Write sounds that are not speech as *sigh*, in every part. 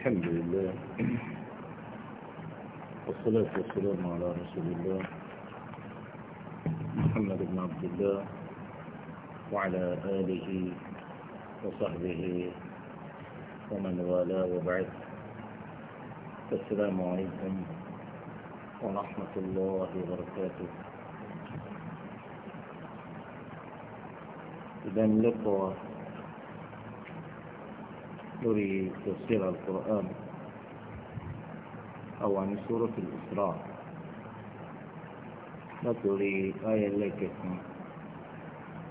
الحمد لله والصلاة والسلام على رسول الله محمد بن عبد الله وعلى آله وصحبه ومن والاه وبعد السلام عليكم ورحمة الله وبركاته إذا لقوا لوري تفسير القرآن أو عن سورة الإسراء تريد آية لك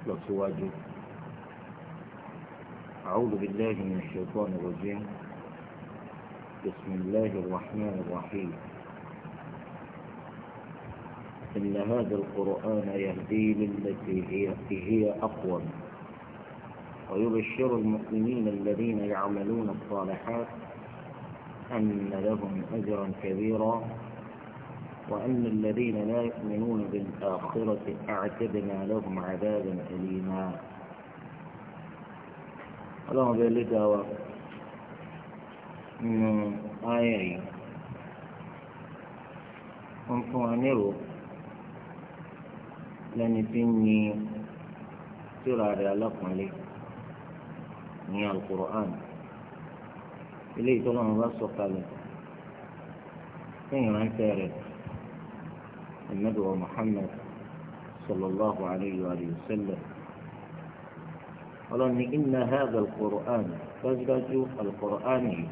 لسواجه أعوذ بالله من الشيطان الرجيم بسم الله الرحمن الرحيم إن هذا القرآن يهدي للتي هي, هي أقوم ويبشر المؤمنين الذين يعملون الصالحات أن لهم أجرا كبيرا وأن الذين لا يؤمنون بالآخرة أعتدنا لهم عذابا أليما اللهم بارك دعوة آية ونفو عنيرو لن تني ترى على لقمة ní alukur'an eléyìí tó lọ́wọ́ bá sọ kalẹ̀ sẹ́yìn ránṣẹ́ rẹ̀ ahmadu wa muhammad sallallahu alayhi wa sallam ọlọ́ni iná hàdà alukur'an dájúdájú alukur'an yìí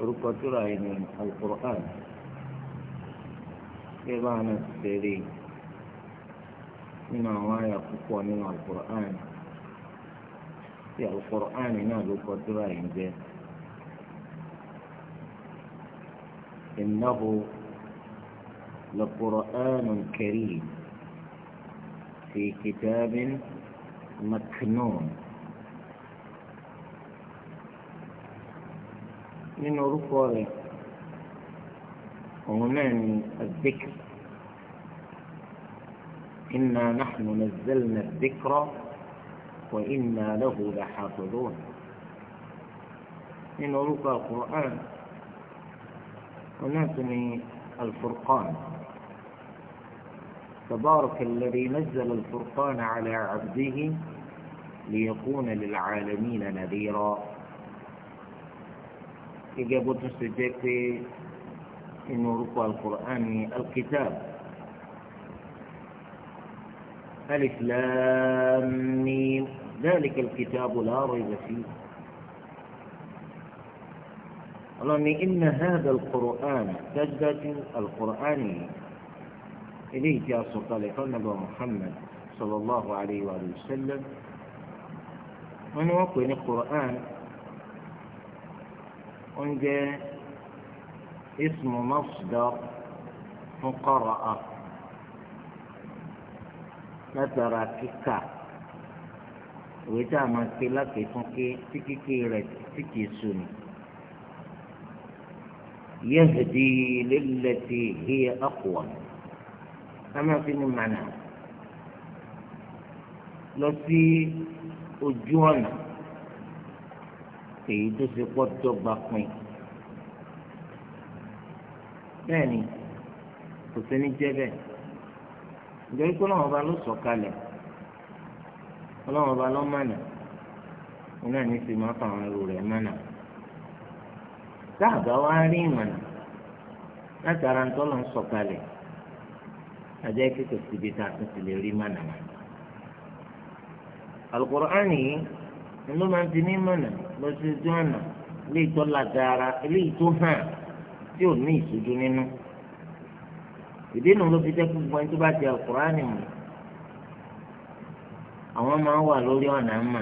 orúkọ tura yìí ni alukur'an ṣé báwọn náà ti ṣe rí nínú àwọn àyà púpọ̀ nínú alukur'an yìí. tí àlùkùránì náà ló kọ síra yìí ń jẹ́ innahu لقرآن كريم في كتاب مكنون من رفوه هنا الذكر إنا نحن نزلنا الذكر وإنا له لحافظون من رقى القرآن ونسمي الفرقان تبارك الذي نزل الفرقان على عبده ليكون للعالمين نذيرا إجابة سجاك إن رقى القرآن الكتاب ألف لام ميم ذلك الكتاب لا ريب فيه اللهم إن هذا القرآن سجدة القرآن إليه جاء صدق النبي محمد صلى الله عليه وآله وسلم من وقت القرآن أنجى اسم مصدر مقرأة látara kíkà ìwé tá a máa ké láti fún ké tí kíké rẹ̀ tí kìí sùn. يهدي للتي هي أقوى أما في المعنى lọ sí ojú ọ̀nà èyí tó ṣe pọ̀ dọ́gba pin bẹ́ẹ̀ ni kò sí ní jẹ́ bẹ́ẹ̀ nítorí pé ọlọ́run ọba ló sọ kalẹ̀ ọlọ́run ọba ló mànà òun náà ní sì máa fa àwọn ẹrù rẹ̀ mànà dáàbà wá rí ìmọ̀nà látara ń tọ́lọ̀ ń sọ kalẹ̀ àjẹ́ kíkọ̀ síbi tá a tún ti lè rí mànà mànà Al-Qur'ani yìí ni ló máa ń ti ní mànà lọ́sọ̀ọ́jọ́ àná ilé ìtọ́lá dára ilé ìtọ́ hàn tí ò ní ìṣojú nínú ìdí nu ló fi jẹ́ gbogbo ẹni tó bá di àkùránì mu àwọn máa ń wà lórí ọ̀nà mà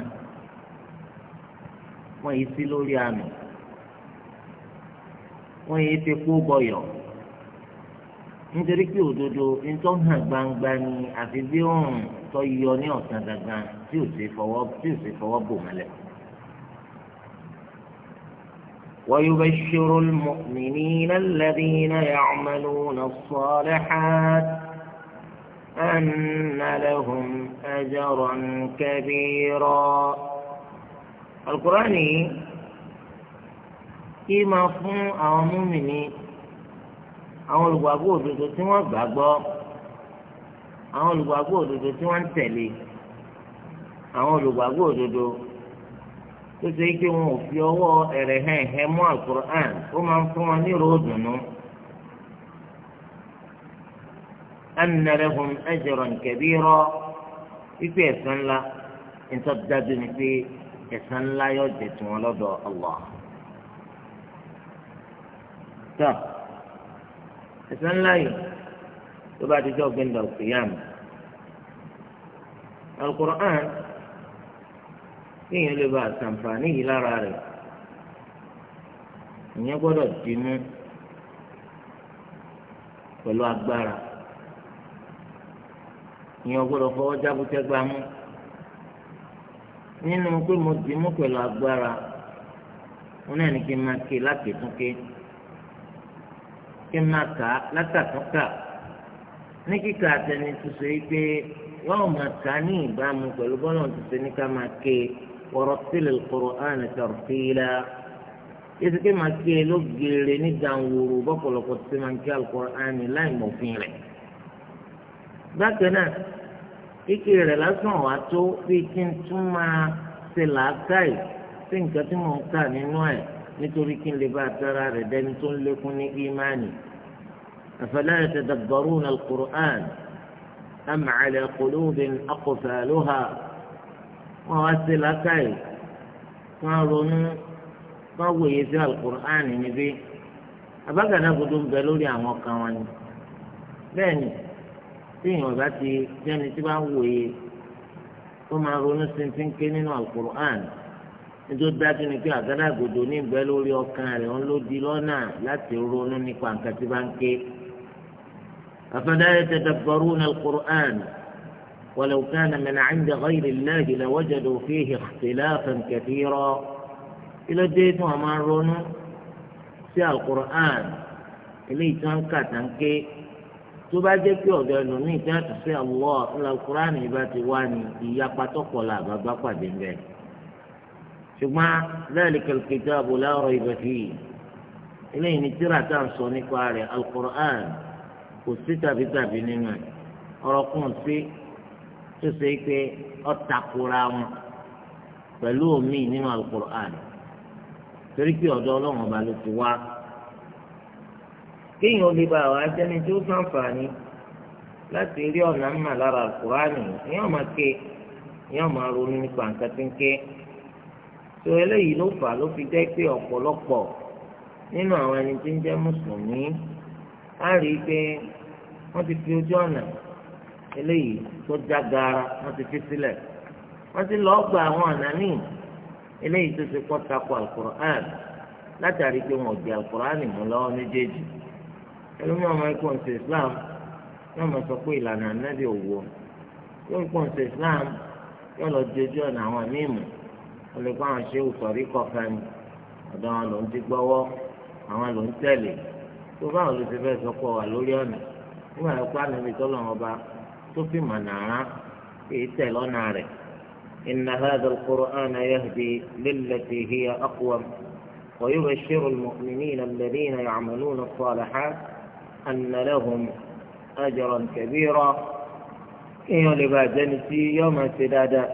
wọ́n yìí sí lórí àmì wọ́n yìí fi kó bọ̀yọ̀ nítorí pé òdodo ntọ́ hàn gbangba ni àfi bí òun tó yọ ní ọ̀sán gangan tí ò sì fọwọ́ bò mọ́lẹ̀. ويبشر المؤمنين الذين يعملون الصالحات أن لهم أجرا كبيرا القرآن كما فهم أو مؤمني أو الواقوة بذلتين بابا أو الواقوة بذلتين والتالي أو الواقوة بذلتين tó ṣe pé wọn ò fi ọwọ́ ẹ̀rẹ̀ hẹ́n hẹ́n mú alukur'an ó máa ń fún wọn ní ròdùn nù. anna lahum ajran kabira wípé ẹ̀san ńlá nítorí tó dájú ni pé ẹ̀san ńlá yóò jẹ tí wọn lọ́dọ̀ Allah. tó ẹ̀san ńlá yìí tó bá ti jọ́ gbẹ̀ndà òkè alukur'an kéèyàn lè ba àtàǹfààní yìí lára rẹ̀ ìyẹn gbọ́dọ̀ dì mú pẹ̀lú agbára ìyẹn gbọ́dọ̀ fọwọ́ jábútẹ́ gbá mú nínú pé mo dì mú pẹ̀lú agbára wọn náà ní kí n máa ké látẹ̀túnké kí n máa kà á látàtúnkà ní kíkà àtẹnitúnṣe yìí pé wọ́n máa kà á ní ìbámu pẹ̀lú bọ́lọ̀ tuntun ní ká máa ké e. ورتل القرآن ترتيلا إذا كما màá ké ló gèrè ní gàǹwòrò bọ́pọ̀lọpọ̀ tí màá لكن alukur'ani láì mọ̀fin rẹ̀. bákan náà kíkè rẹ̀ lásán wà tó bí kí n tún máa ṣe làákàyè sí nǹkan tí mò ń kà nínú ẹ̀ nítorí kí n lè bá tara rẹ̀ dẹni tó ń lékún ní ìmánì. afala yatadabbaruna alukur'an am ala qulubin aqfaluha wọn wá sí làákàyè wọn ronú wọn wòye sí alukur'an níbí abágàdá gbọdọ̀ ń bẹ lórí àwọn kan wọn ni bẹ́ẹ̀ ni tí èèyàn bá ti jẹ́ni tí bá ń wòye tó máa ronú sí nínú alukur'an nítorí dájú ni pé àgádágodo ní bẹ lórí ọkàn rẹ̀ ń ló di lọ́nà láti ronú nípa nǹkan tí bá ń ké afẹ́dáyẹ tẹ̀dọ̀ bọ̀rú ní alukur'an. ولو كان من عند غير الله لوجدوا فيه اختلافا كثيرا إلى ديت وما رونو في القرآن إلي تنكا تنكي تبادي في أدنوني تنكي الله إلى القرآن يباتي واني إياقا تقولا باباقا دنجي ثم ذلك الكتاب لا ريب فيه إليه نترى تنصوني قاري القرآن وستة بتابي نمان أرقون فيه tó ṣe pé ọ̀tàkùrà wọn pẹ̀lú omi nínú alukur'an torí pé ọ̀dọ̀ ọlọ́run ọba ló ti wá kéèyàn lè bá àwọn ajẹ́ni tó sàǹfààní láti rí ọ̀nà mọ̀ lára alukur'an ní ọ̀mà ké ní ọ̀mà ronú nípa nǹkan tí ń ké tó eléyìí ló fà ló fi jẹ́ pé ọ̀pọ̀lọpọ̀ nínú àwọn ẹni tí ń jẹ́ mùsùlùmí á rí i pé wọ́n ti fi ojú ọ̀nà. eléyìí tó já gaara wọ́n ti fi sílẹ̀ wọ́n ti gba àwọn ọ̀nà eléyìí tó ti kọ́ alukur'an látàrí pé wọn di alukur'an mú lọ́wọ́ méjèèjì ẹlòmíràn máa ń kó islam yóò máa sọ pé ìlànà anábì òwò yóò kó islam yóò lọ di ọ̀nà àwọn mímu wọ́n àwọn ọ̀dọ̀ àwọn ló ń ti gbọ́wọ́ àwọn ló ń tó fi في ara èyí إن هذا القرآن يهدي للتي هي أقوى ويبشر المؤمنين الذين يعملون الصالحات أن لهم أجرا كبيرا إيه جنسي يوم سدادا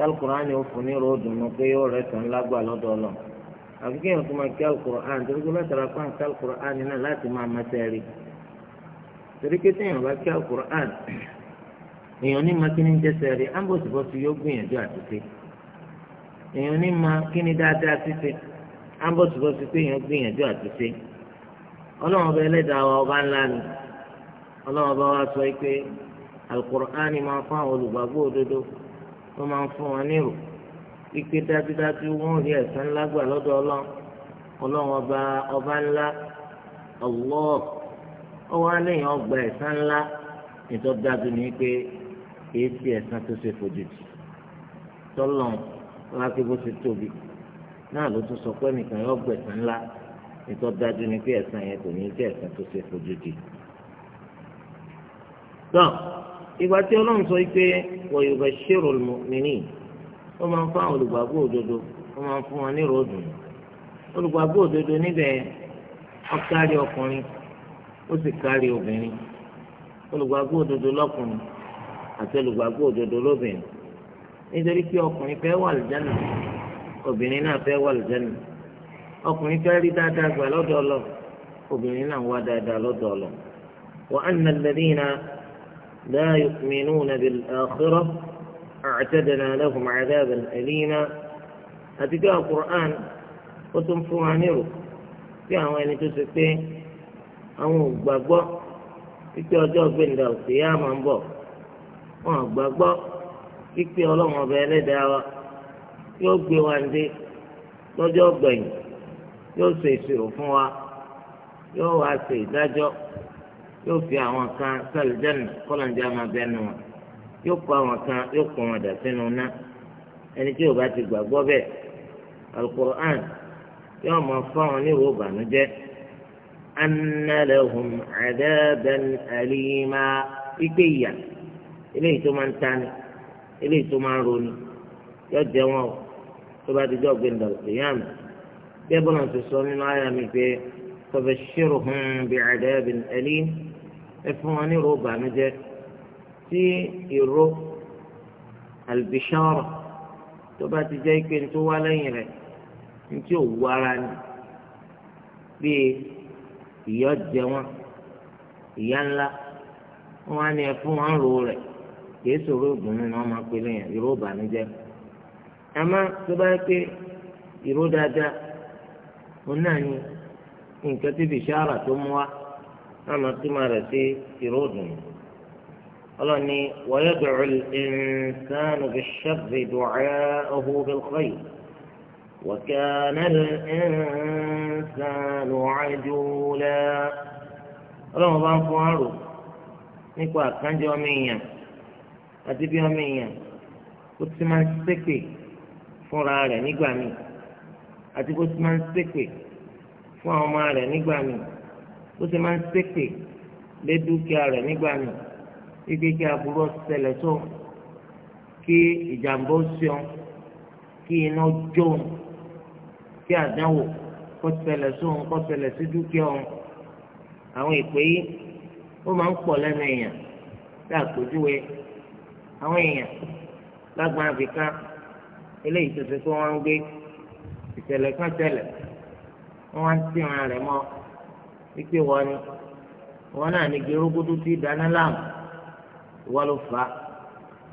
القرآن يوفني رود النقي ورسا لقوى لدولا àfi kéèyàn tó máa لا alukur'an torí pé látara pa àti torí pé téèyàn bá kí alukur'an èèyàn ní ma kí ni jẹsẹ̀ rẹ̀ ambosibosi yóò gbìyànjú àtúnṣe èèyàn ní ma kí ni dáadáa ṣíṣe ambosibosi pé èèyàn gbìyànjú àtúnṣe ọlọ́run ọba ẹlẹ́dàá wa ọba ńlá ni ọlọ́run ọba wa sọ pé alukur'an máa fún àwọn olùgbàgbọ́ òdodo wọ́n máa fún wọn nírò ipe dájúdájú wọn ò rí ẹ̀san lágbà lọ́dọ̀ ọlọ́run ọlọ́run ọba ọba ńlá ọlọ́ọ̀ ó wá lẹ́yìn ọgbà ẹ̀san ńlá nítorí dájú ni pé èyí ti ẹ̀san tó ṣe fojú jù tọ́lọ̀ láti bó ṣe tóbi náà ló tún sọ pé nìkan yóò gbẹ̀san ńlá nítorí dájú ni pé ẹ̀san yẹn kò ní jẹ́ ẹ̀san tó ṣe fojú jù. tọ́ ìgbà tí ọlọ́run sọ pé wọ́n yóò bẹ ṣèrò mìíní ó máa ń fún àwọn olùgbàgbọ́ òdodo ó máa ń fún wọn ní ròdùn olùgbàgbọ́ òdodo níbẹ̀ ọ̀kárí ọkùnrin ó sì kárí obìnrin olùgbàgbọ́ òdodo lọ́kùnrin àti olùgbàgbọ́ òdodo lóbìnrin nítorí pé ọkùnrin fẹ́ wà lùjánà obìnrin náà fẹ́ wà lùjánà ọkùnrin fẹ́ rí dáadáa gbà lọ́dọ̀ ọlọ obìnrin náà wá dáadáa lọ́dọ̀ ọlọ. وأن الذين لا يؤمنون بالآخرة أعتدنا لهم عذابا أليما أتجاه القرآن وتنفوا عنه في أوان تسكتين àwọn ò gbàgbọ́ ọjọ́ gbẹ̀ndà òsè yá máa ń bọ̀ wọn ò gbàgbọ́ ọlọ́run ọba ẹlẹ́dàá wa gbé wa ń lọ́jọ́ gbẹ̀yìn yóò ṣe ìṣirò fún wa ìdájọ́ fi àwọn kan wọn àwọn kan wọn dà sínú ná ẹni tí bá ti gbàgbọ́ bẹ́ẹ̀ anna lahum adaban alima ipe ìyà eléyìí tó máa ń tani eléyìí tó máa ń roni yóò jẹ wọn o tó bá ti jọ gbé ndọ̀ ìyá mi bí ẹbí náà ti sọ nínú àyà mi pé fabashshirhum bi'adabin alim ẹ fún wọn ní ìró ìbànújẹ́ tí ìró albishara tó bá ti jẹ́ ike tó wá lẹ́yìn rẹ̀ ní tí ò wú ara ni bíi. ìyá jẹ wọn ìyá ńlá wọn á ní ẹ wọn rò rẹ kìí sọ̀rọ̀ ògùn nínú ọmọ yẹn ìró ìbànújẹ́ àmọ́ tó bá yẹ pé ìró dáadáa òun náà ni nǹkan tí bìṣáàrà tó mú wa náà máa túmọ̀ rẹ̀ sí ìró ìdùnnú ọlọ́ni sáà nù bí dùn ẹ́ ọ̀hún bí وكان الإنسان عجولا ọlọ́run bá ń fún àrò nípa àkànjẹ́ ọmọ èèyàn àti bí ọmọ èèyàn ó ti máa ń ṣépè fúnra rẹ̀ nígbà míì àti bó ti máa ń ṣépè fún àwọn ọmọ rẹ̀ nígbà míì ó ti máa ń ṣépè lé dúkìá rẹ̀ nígbà míì kíkẹ́ kí aburú ọ̀sẹ̀lẹ̀ tó kí ìjàmbá ó ṣeun kí iná jóun kí àdánwò kó ṣẹlẹ̀ sóhun kó ṣẹlẹ̀ sí dúkìá òun àwọn ìpè yìí ó máa ń pọ̀ lẹ́nu èèyàn bí àpèjúwe àwọn èèyàn lágbọn àbíká eléyìí tó ṣe ń gbé ìṣẹ̀lẹ̀ kan ṣẹlẹ̀ wọ́n wá ń tìran rẹ̀ mọ́ wípé wọ́n ni wọ́n náà ní gerógódó tí dáná láàmú ìwọ ló fà á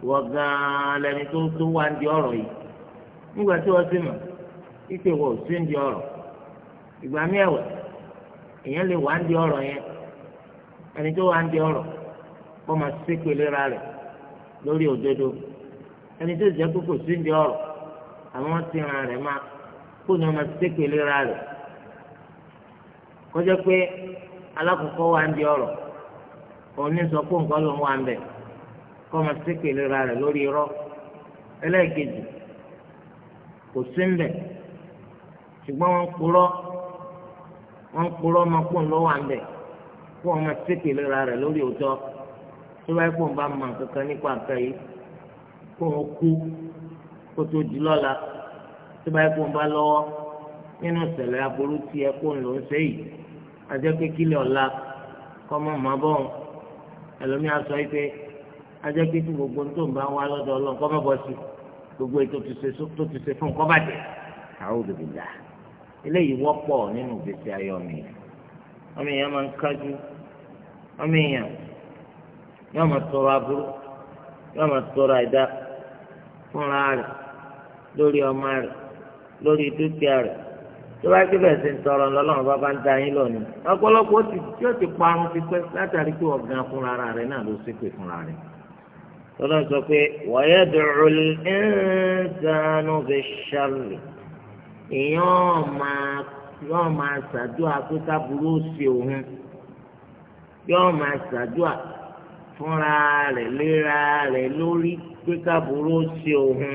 ìwọ gan-an lẹni tó tó wá ń di ọ̀rọ̀ yìí nígbà tí wọ́n sì mọ̀ ìpè wọ òsì ń di ọ̀rọ̀ ìgbà mí ẹ̀wẹ̀ èèyàn lè wà ń di ọ̀rọ̀ yẹn ẹni tó wà ń di ọ̀rọ̀ kó máa ṣépè léra lórí òdodo ẹni tó jẹ́ kó kò sí ń àwọn ti ràn rẹ̀ máa kó ní ọmọ ṣépè léra rẹ̀ kọjá pé alákòókò wà ń di òun ní sọ pé nǹkan ló ń wà kó ṣùgbọ́n wọ́n kúrọ́ wọ́n kúrọ́ ọmọ pọ̀ lọ́wọ́ à ń bẹ̀ kó ọmọ tètè lera rẹ̀ lórí òótọ́ tó bá pọ̀ ń bá mọ kankan nípa nǹkan yìí kó wọn kú kó tó di lọ́la tó bá pọ̀ ń bá lọ́wọ́ nínú ìṣẹ̀lẹ̀ aburú tí ẹ kó ń lò ń ṣe yìí ajẹ́ pé kílẹ̀ ọ̀la kọ́ mọ́ mọ́ bọ́ ẹlòmíà sọ yìí pé ajẹ́ pé gbogbo tó ń bá wá lọ́dọ̀ ọlọ́run kọ́ mọ́ bọ́ sí gbogbo ètò tó ti ṣe fún kọ́ bàjẹ́ àwọn òbí bìlà eléyìí wọ́pọ̀ nínú ìgbésí ayé ọmọ èèyàn ọmọ èèyàn máa ń kájú ọmọ èèyàn yóò máa tọrọ aburú yóò máa tọrọ àìdá fúnra rẹ̀ lórí ọmọ rẹ̀ lórí dúkìá rẹ̀ tó bá kébẹ̀ sí ń tọrọ lọ́lọ́run bá bá ń da yín lọ́ni ọ̀pọ̀lọpọ̀ ó ti tí ó ti parun ti pẹ́ látàrí pé ọ̀gá fúnra rẹ̀ náà ló ṣépè fúnra rẹ̀ lọ́lọ́run sọ pé wọ́yẹ́ dùrù ẹ̀ ń fi ṣàlùyẹ̀ èèyàn máa yóò máa ṣàdúrà pé káburú ṣe òun yóò máa ṣàdúrà fúnra rẹ̀ léra rẹ̀ lórí pé káburú ṣe òun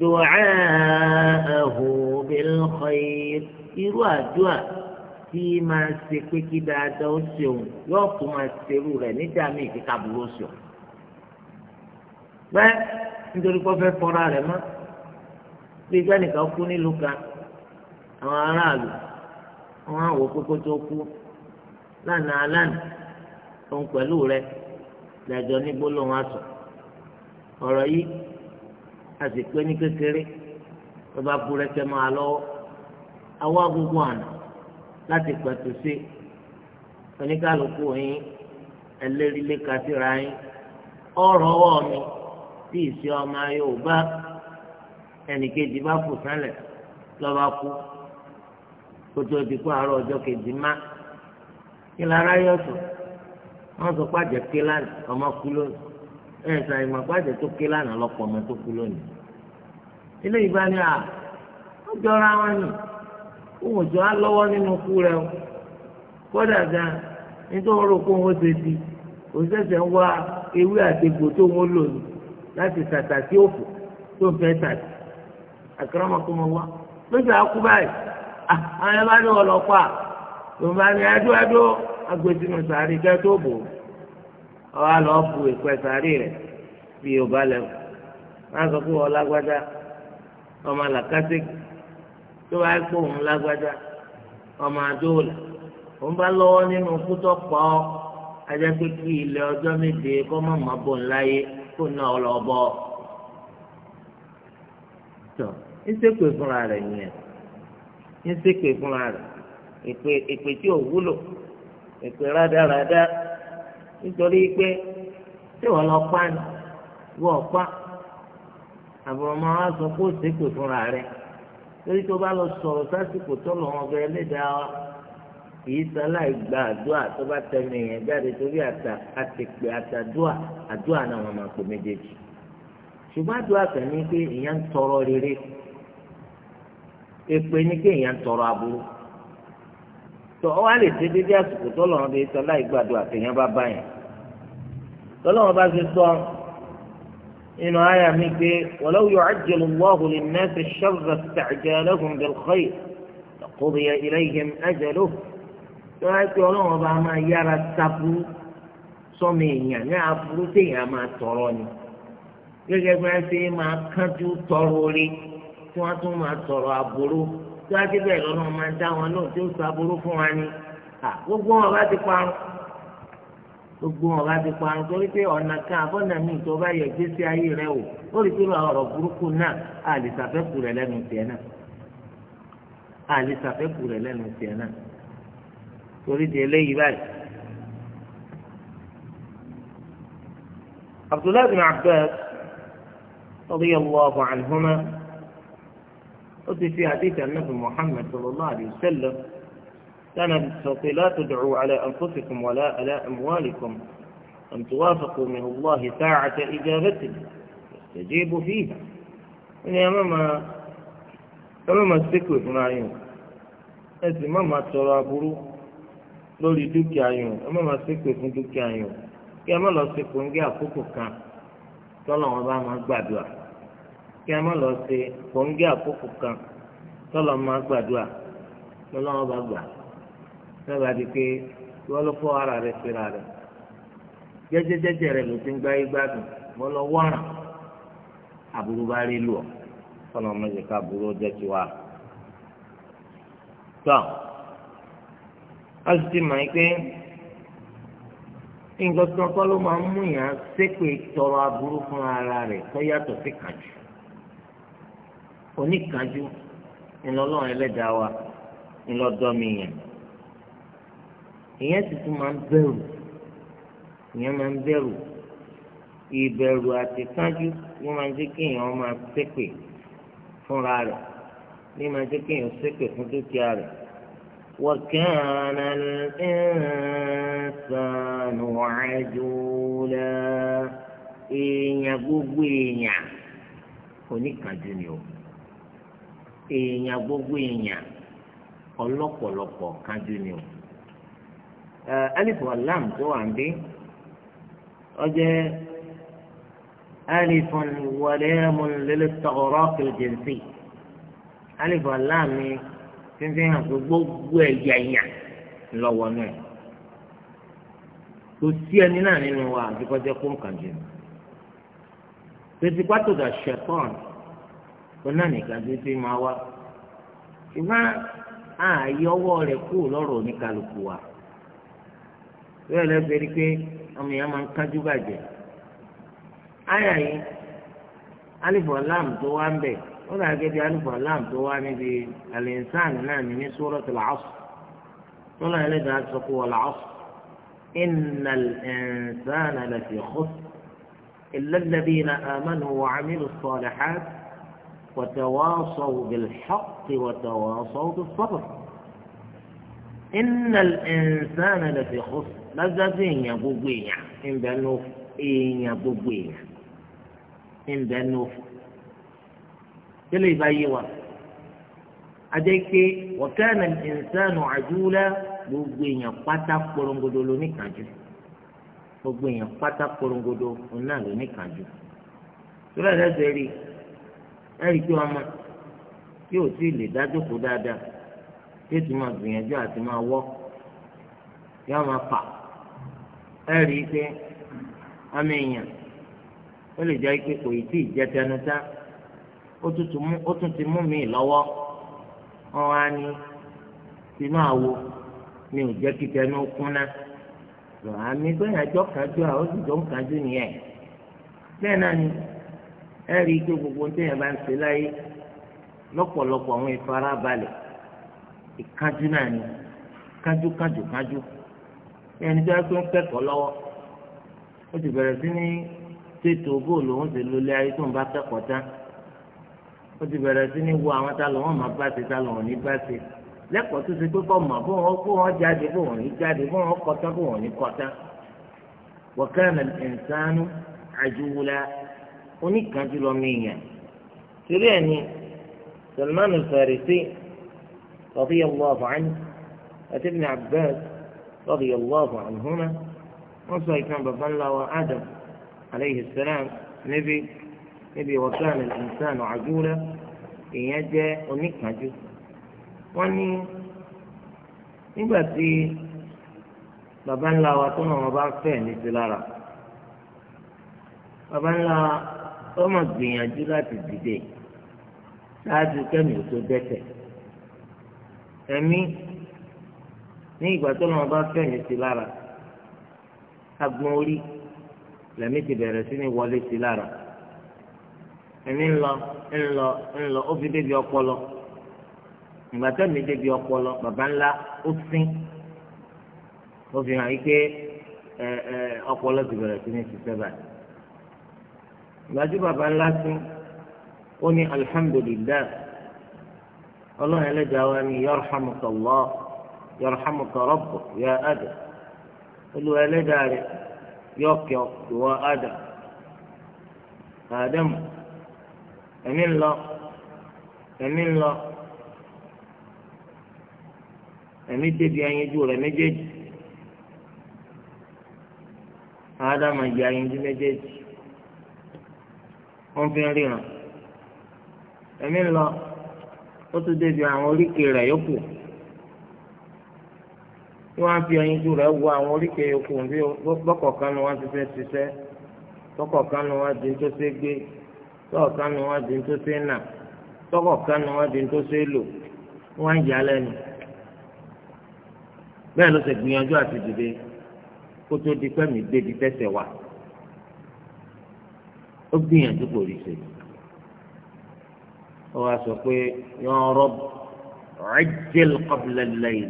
du'aahu bil khair irú àdúrà tí máa ṣe pé kí dáadáa ó ṣe òun yóò tún máa ṣerú rẹ̀ nígbà míì kí káburú ṣe òun. bẹ́ẹ̀ nítorí pé ó fẹ́ fọ́ra rẹ̀ mọ́ bí ìgbà nìkan kú nílùú kan àwọn aráàlú wọn àwọ kókó tó kú lánàá lánàá òun pẹ̀lú rẹ lẹ́jọ́ ní gbólóhùn àtọ̀ ọ̀rọ̀ yìí a sì pé ní kékeré tó bá kú rẹ́kẹ́ máa lọ́wọ́ awọ́ gbogbo àná láti pẹ̀tù sí oníkálukú yín ẹlẹ́rìí lé kásìrá yín ọ̀rọ̀ ọwọ́ mi tí ìṣe ọmọ yóò bá ẹnìkejì bá kù sálẹ̀ lọ́ba kú kótó ti kó àárọ̀ ọjọ́ kejì má kí lára yọ sọ wọ́n sọ pàjẹ́ ké lánàá ọmọ kú lónìí ẹ̀ ṣàn ìmọ̀ pàjẹ́ tó ké lánàá lọ́pọ̀ ọmọ tó kú lónìí ilé ìbá ni à wọ́n jọra wọn nù òun jọ á lọ́wọ́ nínú kú rẹ o kódà gan nítorí wọn rò pé òun ó ṣe ti òun ṣẹ̀ṣẹ̀ ń wá ewé àti egbò tó ń lò ní láti tàtà sí òfò tó ń fẹ́ tàtà. akramakumullah lójú àkú báyìí ah, àwọn ẹ bá ní ọlọ́pàá yorùbá ni adó adó agbésínú sàárì kẹ tó bò ọ lọ ìpẹ sàárì rẹ bí yorùbá lẹwù wọn sọ pé ọlágbádá ọmọ làkàtì tó bá kó òun lágbádá ọmọ òun bá lọwọ nínú ajá pé kí méje bò ńláyé ọ lọ bọ. ń ṣépè fúnra rẹ̀ yẹn ń ṣépè fúnra rẹ̀ èpè èpè tí ò wúlò èpè rádaràda nítorí pé tí wọ́n lọ pa ni wọ́n pa àbùrọ̀mọ́ wa sọ pé ó ṣépè fúnra rẹ̀ torí tó bá lọ sọ̀rọ̀ sásìkò tó lọ́ wọn bẹ ẹlẹ́dàá wa kìí sáláì gba àdúrà tó bá tẹnu èèyàn jáde torí àtẹ̀pẹ́ àtàdúà àdúà náà wọn máa pè méjèèjì ṣùgbọ́n àdúà kan ní pé èèyàn ń tọrọ rere èpè ní kéèyàn tọrọ aburú tó ọ wá lè ṣe dédé àsìkò tọ́lọ́run bíi sọ láì gbàdo àtẹ̀yàn bá bá yẹn tọ́lọ́run bá ti sọ inú àyà mi pé walau yu'ajjilu Allahu lin-nasi ash-sharra ista'jalahum bil-khayr laqudiya ilayhim ajaluhum tó wá pé ọlọ́run bá máa yára sábúrú sọmọ èèyàn ní aburú téèyàn máa tọrọ ni gẹ́gẹ́ bí wọ́n ṣe máa kánjú tọrọ rí tí wọ́n tún máa sọ̀rọ̀ àbúrò tí wọ́n á débẹ̀ lọ́nà máa ń dá wọn náà tí ó sọ àbúrò fún wa ni gbogbo wọn bá ti parun gbogbo wọn bá ti parun torí pé ọ̀nà kan àbọ̀nà míì tó bá yẹ gbèsè ayé rẹ wò ó rí pé ọ̀rọ̀ burúkú náà àlìsàfẹ́kù rẹ lẹ́nu tiẹ̀ náà àlìsàfẹ́kù rẹ lẹ́nu tiẹ̀ náà torí di eléyìí báyìí. Abdullahi bin Abbas radiyallahu anhuma ó ti fi hadith anabi muhammed sallallahu alayhi wa sallam كان بالتوقي لا تدعوا على أنفسكم ولا على أموالكم أن توافقوا من الله ساعة إجابته يستجيب فيها إن أمام أمام السكر معين أنت مما ترابرو lórí dúkìá yòó ẹ má máa ṣépè fún dúkìá yòó kí ẹ má lọ ṣépè ń gé àkókò kan tọ́lọ̀ wọn bá máa gbàdúrà. kí a má lọ ṣe àkókò kan tọ́lọ̀ máa gbàdúrà lọ́lọ́wọ́ bá gbà lọ́ba di pé wọ́n ló fọ́ ara rẹ̀ síra rẹ̀ jẹ́jẹ́jẹ́jẹ́ rẹ̀ ló ti ń gbáyé gbádùn wọ́n lọ wọ́nà àbúrò bá rí lù ọ́ kọ́nà méjì ká burú jẹ́ ti wá. tọ́ a ti mọ̀ ẹ́ pé nǹkan kọ́ ló máa tọrọ fún ara rẹ̀ tó yàtọ̀ sí oníkanjú ńlọlọ́run ẹlẹ́dàá wa ńlọdọ́mi yẹn ìyẹn sì tún máa ń bẹ̀rù ìyẹn máa ń bẹ̀rù ìbẹ̀rù àti kánjú ló máa ń jẹ́ kéèyàn máa ṣépè fúnra rẹ̀ ní máa jẹ́ kéèyàn ṣépè fún dúkìá rẹ̀ wa kana al-insanu ajula èèyàn gbogbo èèyàn oníkanjú ni o èèyàn gbogbo èèyàn ọlọ́pọ̀lọpọ̀ kájú ni o alif alam tó wà ń bí ọjọ́ alif wàlẹ́mù lẹ́lẹ́tọ̀ọ̀rọ̀ kìlìjẹ̀nsì alif walam ni fífi hàn pé gbogbo ẹ̀yà èèyàn lọ́wọ́ náà kò sí ẹni náà nínú wa àti kọjá kó nǹkan jù pèsè pàtó dà ṣẹ̀tọ́ọ̀nù. òun nìkan tó ti máa wá ṣùgbọ́n ààyè ọwọ́ rẹ̀ kú lọ́rọ̀ oníkàlùkù wa bẹ́ẹ̀ lẹ́sẹ̀ rí pé ọmọ yẹn máa ń kájú bàjẹ́ àyà yìí alifọ̀ lam tó wá ń bẹ̀ ó dàá gẹ́gẹ́ bí alifu alam tó wá níbi alẹ́nsáàni náà ní ní sọ́rọ́ suratul asr tọ́lá ẹlẹ́dàá sọ pé wal asr innal insana lafi khusr illa alladhina amanu wa amilu salihat. وتواصوا بالحق وتواصوا بالصبر إن الإنسان لفي خسر لذاتين يا بوبويا إن بنوف إن يا بوبويا إن بنوف تلي أديكي وكان الإنسان عجولا بوبويا قطع قرنقدو لوني كاجو بوبويا قطع قرنقدو لوني كاجو سورة ẹ̀rí pé ọmọ tí ò tí ì lè dájókòó dáadáa tí ètò máa gbìyànjú àti máa wọ́ yá máa fà ẹ̀rí pé ọmọ èèyàn ó lè jẹ́ pé kò tí ì jẹ tẹnu ó tún ti mú mi lọ́wọ́ wọn á ní máa wo mi ò jẹ́ kí tẹnu kúnná àmì bẹ́ẹ̀ àjọ kájú àwọn òṣìṣẹ́ ń kájú nìyẹn bẹ́ẹ̀ náà ni ẹ rí i pé gbogbo ní tẹ̀yìn bá ń ṣe láyé lọ́pọ̀lọpọ̀ àwọn ìfarabalẹ̀ ìkájú náà ni kájú kájú kájú ẹni tó yẹ kó ń kẹ́kọ̀ọ́ lọ́wọ́ ó ti bẹ̀rẹ̀ sí ní tètò bóòlù òun ti lólé ayé tó ń bá kẹ́kọ̀ọ́ tán ó ti bẹ̀rẹ̀ sí ní wo àwọn tá lọ́wọ́ máa bá ṣe tá lọ́wọ́ ní bá ṣe lẹ́kọ̀ọ́ tó ṣe pé kọ́ mọ̀ bó wọn kó wọn jáde bó wọn ní jáde bó wọn kọ́ tán bó wọn ní kọ́ tán wa kana al oníkanjú lọ́mọ èèyàn torí ẹ̀ ni Salman al-Farisi radiyallahu anhu àti Ibn Abbas radiyallahu anhuma wọ́n sọ ìtàn bàbá ńlá wa Adam alayhi salam níbi níbi wa kana al-insanu ajula èèyàn jẹ́ oníkanjú wọ́n ní nígbà tí bàbá ńlá wa tó náà wọ́n bá fẹ́ ní sí lára bàbá ńlá wa. kọ́mọ gbìyànjú láti dìde ṣáájú kẹ́mi ò tó dẹ́tẹ̀ ẹ̀mí ní ìgbà tó lọ́wọ́ bá fẹ̀mí sí lára agbọ̀n orí lẹ́mí ti bẹ̀rẹ̀ sí ní wọlé sí lára ẹ̀mí ńlọ ńlọ ńlọ ó fi débi ọpọlọ ìgbà tẹ̀mí débi ọpọlọ bàbá ńlá ó sín ó fi hàn yí pé ọpọlọ ti bẹ̀rẹ̀ sí ní ìgbàjú bàbá ńlá sí ó ní alihamudulilayi ọlọ́run ẹlẹ́dàá wa ni yarhamukallah yarhamukarọ́bù ya ada olùwà ẹlẹ́dàá rẹ yọkẹ́ ìwà ada àdàmù ẹ̀mí ńlọ ẹ̀mí ńlọ ẹ̀mí débi ayanjú rẹ méjèèjì àdàmù ayé ayanjú méjèèjì wọ́n fi ń ríran ẹ̀mí ń lọ ó tún débi àwọn oríkèé rẹ̀ yókù tí wọ́n fi ẹyin ju rẹ̀ wo àwọn oríkèé yókù bí lọ́kọ̀ọ̀kan ni wọ́n ti fẹ́ ṣiṣẹ́ lọ́kọ̀ọ̀kan ni wọ́n di tó ṣe gbé lọ́kọ̀ọ̀kan ni wọ́n di tó ṣe nà lọ́kọ̀ọ̀kan ni wọ́n di tó ṣe lò wọ́n ń yà lẹ́nu bẹ́ẹ̀ ló ṣe gbìyànjú àti dìde kó tó di pẹ́ẹ́mì débi tẹ́sẹ̀ wà ó gbìyànjú kò rí ṣe ó wá sọ pé ya Rabb ajjil qabla al-layl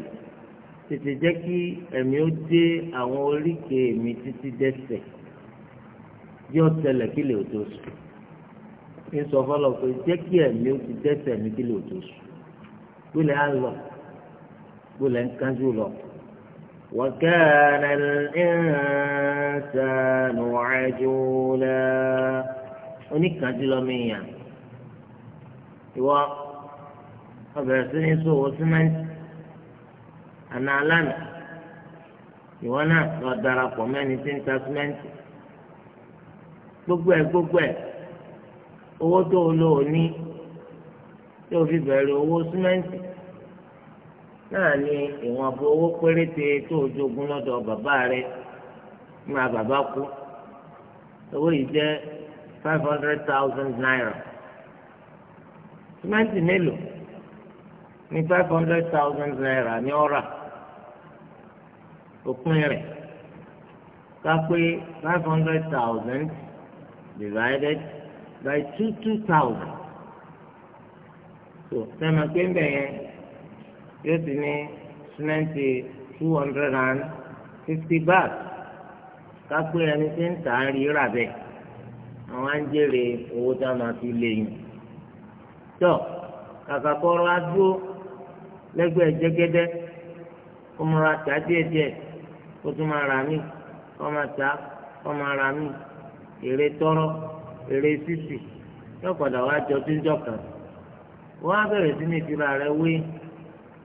tètè jẹ́ kí ẹ̀mí ó dé àwọn oríkèé mi títí dẹ́sẹ̀ yóò tẹlẹ̀ kí lè tó sùn ní sọ fọlọ pé jẹ́ kí ẹ̀mí ó ti dẹ́sẹ̀ mi kí lè tó sùn gbọ́lẹ̀ á lọ gbọ́lẹ̀ ń kánjú lọ. وكان الإنسان عجولا oníkàndí lọ́mọ èèyàn ìwọ ọbẹ̀rẹ̀ sí ní sòwò símẹ́ǹtì àná alánà ìwọ náà lọ darapọ̀ mẹ́ni tí ń ta símẹ́ǹtì gbogbo ẹ̀ gbogbo ẹ̀ owó tó o lò ó ní tí o fi bẹ̀rẹ̀ owó símẹ́ǹtì náà ni ìwọ̀nba owó péréte tó o jogún lọ́dọ̀ bàbá rẹ nígbà bàbá kú owó yìí jẹ́ five hundred thousand naira sìmẹ́ǹtì mélòó ní five hundred thousand naira ní ọ̀rà òpin rẹ̀ ká pé five hundred thousand divided by two two thousand so sẹ́mi pé ń bẹ̀ yẹn yóò sì ní sìmẹ́ǹtì two hundred and fifty bags kápẹ́ ẹni tí ń tà á rí rà bẹ́ẹ̀ àwọn á ń jèrè owó tá a máa fi lè yìn tó kàkà kọ́rọ́ á dúró lẹ́gbẹ̀ẹ́ jẹ́gẹ́dẹ́ kó máa tà díẹ̀díẹ̀ kó tún máa rà mí kó máa tà kó máa rà mí èrè tọ́rọ́ èrè sísì yóò padà wá jọ tí ń jọ kàn wọ́n á bẹ̀rẹ̀ sí ní ìfira rẹ̀ wé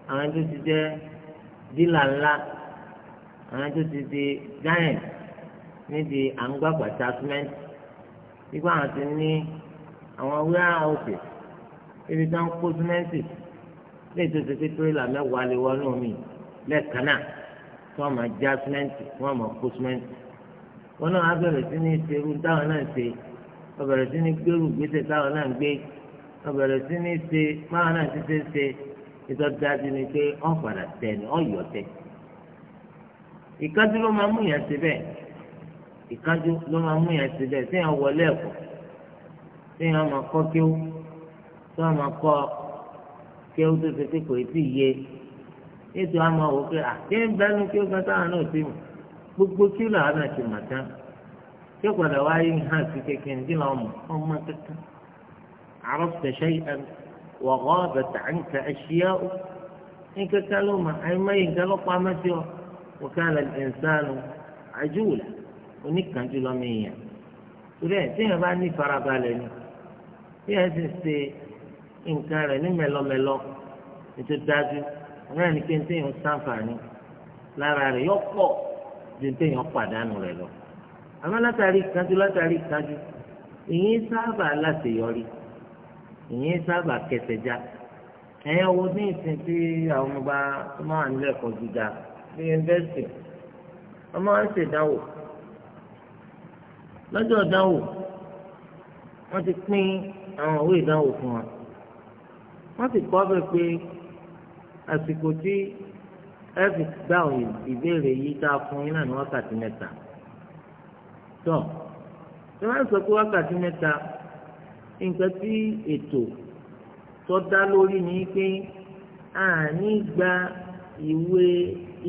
àwọn tó ti jẹ́ dílà ńlá àwọn tó ti di giant níbi à ń gbàgbà sacrament nígbà àwọn ti ní àwọn warehouse ibi tí wọ́n kó símẹ́ǹtì lè tó ti pé tírélà mẹ́wàá lè wọnú mi lẹ́ẹ̀kan náà tí wọ́n máa já símẹ́ǹtì tí wọ́n máa kó símẹ́ǹtì wọn náà á bẹ̀rẹ̀ sí ní ṣerú táwọn náà ṣe wọ́n sí ní gbèrú gbèsè táwọn náà ń gbé wọ́n sí ní ṣe máwọn náà ti ṣe ṣe. ìtọ́jáde ni pé ọ̀n padà tẹ ni ọ̀n yọ̀ tẹ. ìkájú ló máa mú yẹn síbẹ̀ ìkájú ló máa mú yẹn síbẹ̀ tí yẹn wọlé ẹ̀kọ́ tí yẹn máa kọ́ kéwú tí wọ́n máa kọ́ kéwú tó ṣe pé kò tí ì yé ètò àmọ́ wò pé àti ń bẹ́nu kéwú kan náà ti mọ̀ gbogbo kéwú làwọn náà ti mọ̀ tán padà wáyé hàn sí kékeré kí làwọn mọ̀ ọmọ وغابت عنك أشياء إنك كلمة أي ما ينقلق مسير وكان الإنسان عجولا ونكا جلميا ترى تيها باني فرابالني تيها تنسي إن كان نملو ملو نتداجو náà ni pé téèyàn sàǹfààní lára rẹ̀ yọ pọ̀ ju téèyàn لا rẹ̀ lọ. àmọ́ látàrí ìkájú látàrí ìkájú èyí sábà ìyẹn sábà kẹsẹ̀ já ẹ̀yàn wo ní ìsìn tí àwọn ọmọ bá máa ń lẹ́kọ̀ọ́ gíga bí yunifásitì wọ́n máa ń ṣèdánwò lọ́jọ́ ìdánwò wọ́n ti pín àwọn òwe ìdánwò fún wa wọ́n sì kọ́ bẹ́ẹ̀ pé àsìkò tí ẹ fi gbà ìbéèrè yìí tá a fún yín náà ní wákàtí mẹ́ta tó tí wọ́n sọ pé wákàtí mẹ́ta. So, nǹkan tí ètò tó dá lórí ni pé àní gba ìwé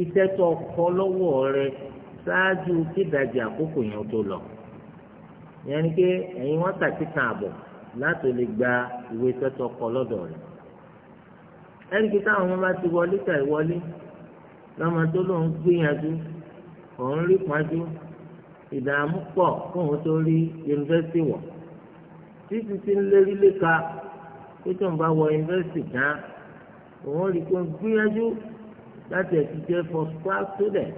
iṣẹ́ tó kọ lọ́wọ́ rẹ ṣáájú kídàjì àkókò yẹn tó lọ ìyẹn ni pé ẹ̀yin wọ́n tàkìtàn àbọ̀ láti lè gba ìwé iṣẹ́ tó kọ lọ́dọ̀ rẹ ẹni pé táwọn ọmọ bá ti wọlé tà ìwọlé lọ́mọ tó lóun gbìyànjú òun rí pọ́njú ìdààmú pọ̀ fóun tó rí yunifásitì wọ̀ títí tí ń lérí léka pé tó ń bá wọ yunifásitì tán òun rí i pé ń gbìyànjú láti ẹ̀sìn jẹ́ first class student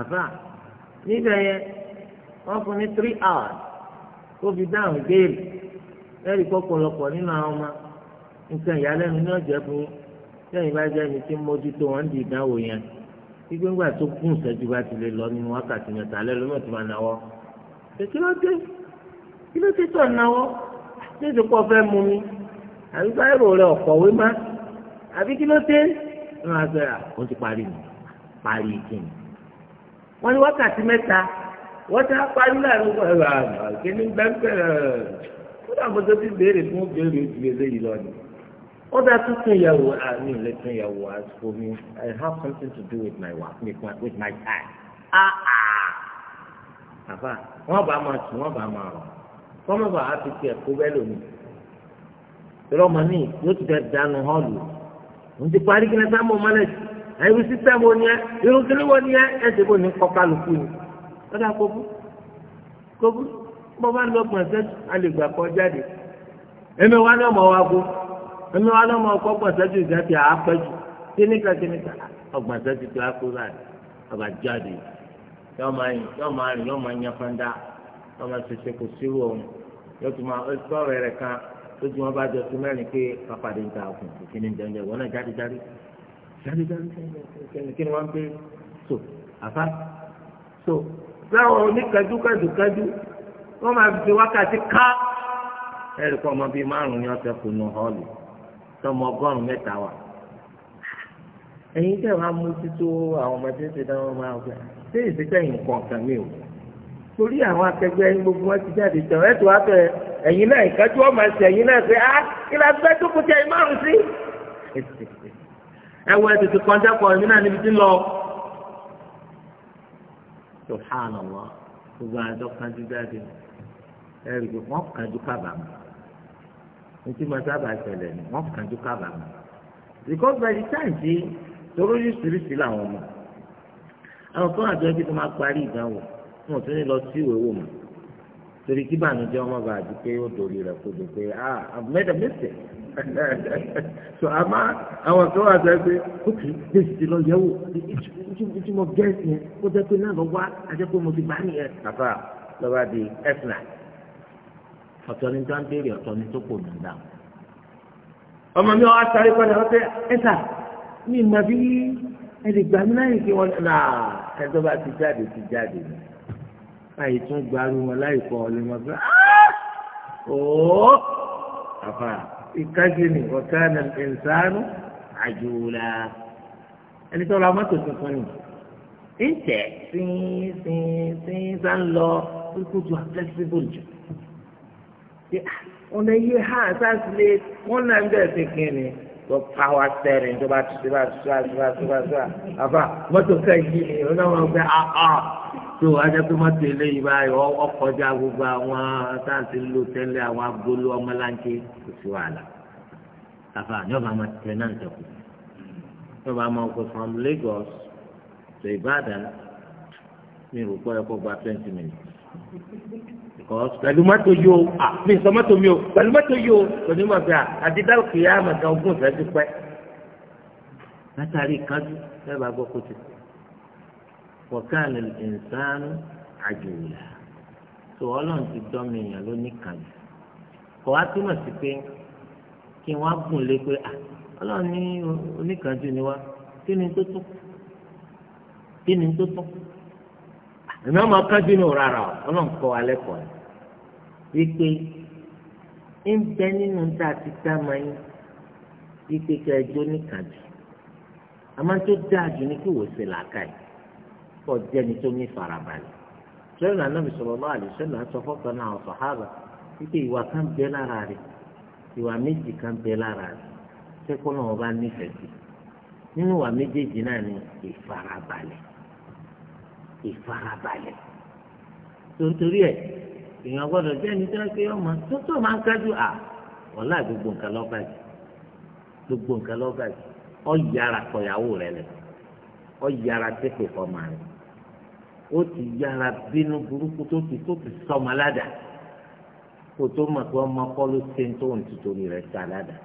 àfà níbẹ̀ yẹn wọ́n fún ní three hours kó fi dáhùn béèrè lẹ́rìí pọ̀pọ̀lọpọ̀ nínú àwọn ọmọ nǹkan ìyàlẹ́nu ní ọ̀jẹ̀ fún yín lẹ́yìn bá jẹ́ ẹni tí ń mójútó wọn di ìdánwò yẹn gbígbé ńgbà tó kún ìṣẹ́jú bá ti lè lọ nínú wákàtí mẹ́ta lẹ́nu mẹ́ta máa náwó. èkí ló dé kí ló ti tọ̀ náwó ní ìsìnkú ọ̀fẹ́ mu mi àbí báyìí rẹ̀ ọ̀kọ̀wé má àbí kí ló dé ìrìn àjọ yà ó ti parí mi parí ìkíni wọ́n ní wákàtí mẹ́ta wọ́n ti á parí láàrin ọgbà ẹ̀rọ àgbà kí ní bẹ́ẹ̀ kódà mo tó ti béèrè fún béèrè ìgbésẹ̀ yìí lọ́nìí ó dá tuntun yẹ̀wò àmì ìlẹ́tún yẹ̀wò àsìkò mi I have something to do with my work with my time. Ah, ah. àbá wọ́n bá máa sùn wọ́n bá máa rọ̀ kọ́mọ̀bà á fi tiẹ̀ kó bẹ́ẹ̀ lónìí ìrọ̀ mọ̀ ní yóò ti fẹ́ dànù họ́ọ̀lù ń ti parí kí ní sáà mọ̀ mọ́lẹ̀ ẹ̀rú sísẹ́ wo ni ẹ irú kíní wo ni ẹ ẹ̀sẹ̀ wo ni kọ́ kálukú ni ọ̀dà kókó kókó bọ́ bá lọ gbọ̀nsẹ̀ alẹ́gbà kọ́ jáde ẹ̀mí wa náà mọ̀ wá gbó ẹ̀mí wa náà mọ̀ kọ́ gbọ̀nsẹ̀ ju ìgbà tí a kíníkà kíníkà ọgbọ̀nsẹ̀ ti tó a kó báyìí ọba jáde yọ wọn máa ṣe ṣe kò sírò ọ̀hún yóò tún máa sọ̀rọ̀ rẹ̀ kan tó ti wọn bá jọ sí mẹ́rin pé pápádé ń ta ọkùn kí ni jẹun jẹun wọn náà jáde jáde jáde jáde kí ni wọn ń pè so àfa so láwọn oníkẹ́jú kẹ́jú kẹ́jú wọn máa fi wákàtí ká ẹ̀rì kọ́ ọmọ bíi márùn-ún ní ọ̀sẹ̀ kù nù họ́ọ̀lù tọmọ ọgọ́rùn-ún mẹ́ta wà. ẹ̀yin tẹ̀ wá mú títú àwọn ọmọdé ti dáwọ́ máa gbà ṣé ìdíkẹ́yìn kọ̀ọ̀kan mi ò torí àwọn akẹgbẹ́ yín gbogbo wọn ti jáde tán ẹ tó wá fẹ ẹ̀yin náà ìkájú ọmọ ẹsẹ̀ ẹ̀yin náà fẹ ah kí la fẹ́ tó kù tẹ ẹ márùn sí. *laughs* ẹ wọ ẹ tètè kọjá pọ̀ ẹ̀yin náà níbi tí ń lọ. subhanallah gbogbo àjọ kanjú jáde ẹ rí i pé wọ́n kanjú kábàámọ̀ ntí mo sábà ṣẹlẹ̀ ni wọ́n kanjú kábàámọ̀ because by the time tí toróyún sírísí làwọn ọmọ àwọn kan àjọ ibi tó máa parí ìdánwò wọn ò tún ní lọ sí ìwé wò mọ́ torí kí bànújẹ́ ọmọ bá di pé ó dòrí rẹ̀ kó pé ah I've made a mistake *laughs* so àmọ́ àwọn kan wà sẹ́yìn pé ok bẹ́ẹ̀ sì ti lọ yẹ̀wò ìtú mo gẹ́sì yẹn kó jẹ́ pé náà lọ wá ajẹ́ pé mo ti bá nìyẹn kàfà lọ́ba di ẹ̀sìnà ọ̀tọ̀ ni tó ń béèrè ọ̀tọ̀ ni tó kò nàdá ọmọ mi wá sáré padà wọ́n fẹ́ ẹ̀sà mi mà bí ẹ̀dìgbà mi náà yìí kí wọ́n náà ẹ̀dọ́ bá ti jáde ti jáde ni àyè tún gbaru wọn láì kọ́ ọ lè mọ pé ooo àfà ìkájí ni ọ̀ká na ìsánú àjùlá ẹni tó ra mọ́tò tuntun ni ń tẹ̀ sín sín sín sá ń lọ kókó ju flexible jù ah, ọ̀nà yìí ha sáà sílé náà ń bẹ̀rẹ̀ sí kí ni tó power steering tó bá ti tó bá ti tó bá ti tó bá ti tó bá ti tó àbá mọ́tò fẹ́ yí ni ó náà wọ́n fẹ́ áá tó ajá tó má tó eléyìí báyìí ọkọjá gbogbo àwọn táǹtì ń lò tẹ́lẹ̀ àwọn agolo ọmọláńké kò sí wàhálà àbá ní ọba máa tẹ náà tẹ̀kù ní ọba máa kó from Lagos to Ibadan mi rò pé ẹ kó gba twenty minutes because pẹ̀lú mọ́tò yìí o àfi sọ mọ́tò mi o pẹ̀lú mọ́tò yìí o pẹ̀lú mọ́tò yìí àdídá òkè yá màgà ogún ìfẹ́ ti pẹ́ látàrí ìkájú bẹ́ẹ̀ bá gbọ́ kó ti pẹ́ wọ̀kánì ìsánú àjòyà tó ọlọ́run ti dọ́mi èèyàn ló ní kọ́ wá túmọ̀ sí pé kí wọ́n á gùn lé pé ọlọ́run ní oníkàjú ni wá kí ni tó tún kí ni tó tún ìmọ̀ ọmọ kájú ni ò rárá ọlọ́run kọ́ wa lẹ́kọ̀ọ́ wípé ń bẹ nínú tá a ti dá ma yín wípé kí ẹjọ́ níkàjù àmọ́ tó dáa jù ní kí wò ṣe làákàyè kọ́ jẹ́ni tó ní farabalẹ̀ sọ́yìn náà nàbì sallallahu alaihi wasallam sọ fọ́kàn náà sàhábà wípé ìwà kan bẹ lára rẹ̀ ìwà méjì kan bẹ lára rẹ̀ sẹ́kọ́ náà wọ́n bá nífẹ̀ẹ́ sí nínú ìwà méjèèjì náà ni ìfarabalẹ̀ ìfarabalẹ̀ ẹ̀ èèyàn gbọ́dọ̀ jẹ́ ẹni tí wọ́n pe ọmọ tó tó máa ń kájú à wọ́n láì gbogbo nǹkan lọ́ bàjẹ́ gbogbo nǹkan lọ́ bàjẹ́ ọ yára kọyàwó rẹ lẹ ọ yára tẹ́pẹ̀ fọmọ rẹ ó ti yára bínú burúkú tó ti tó ti sọmọ ládàá kó tó mọ̀ pé ọmọ kọ́ ló ṣe tó ń tutori ta ládàá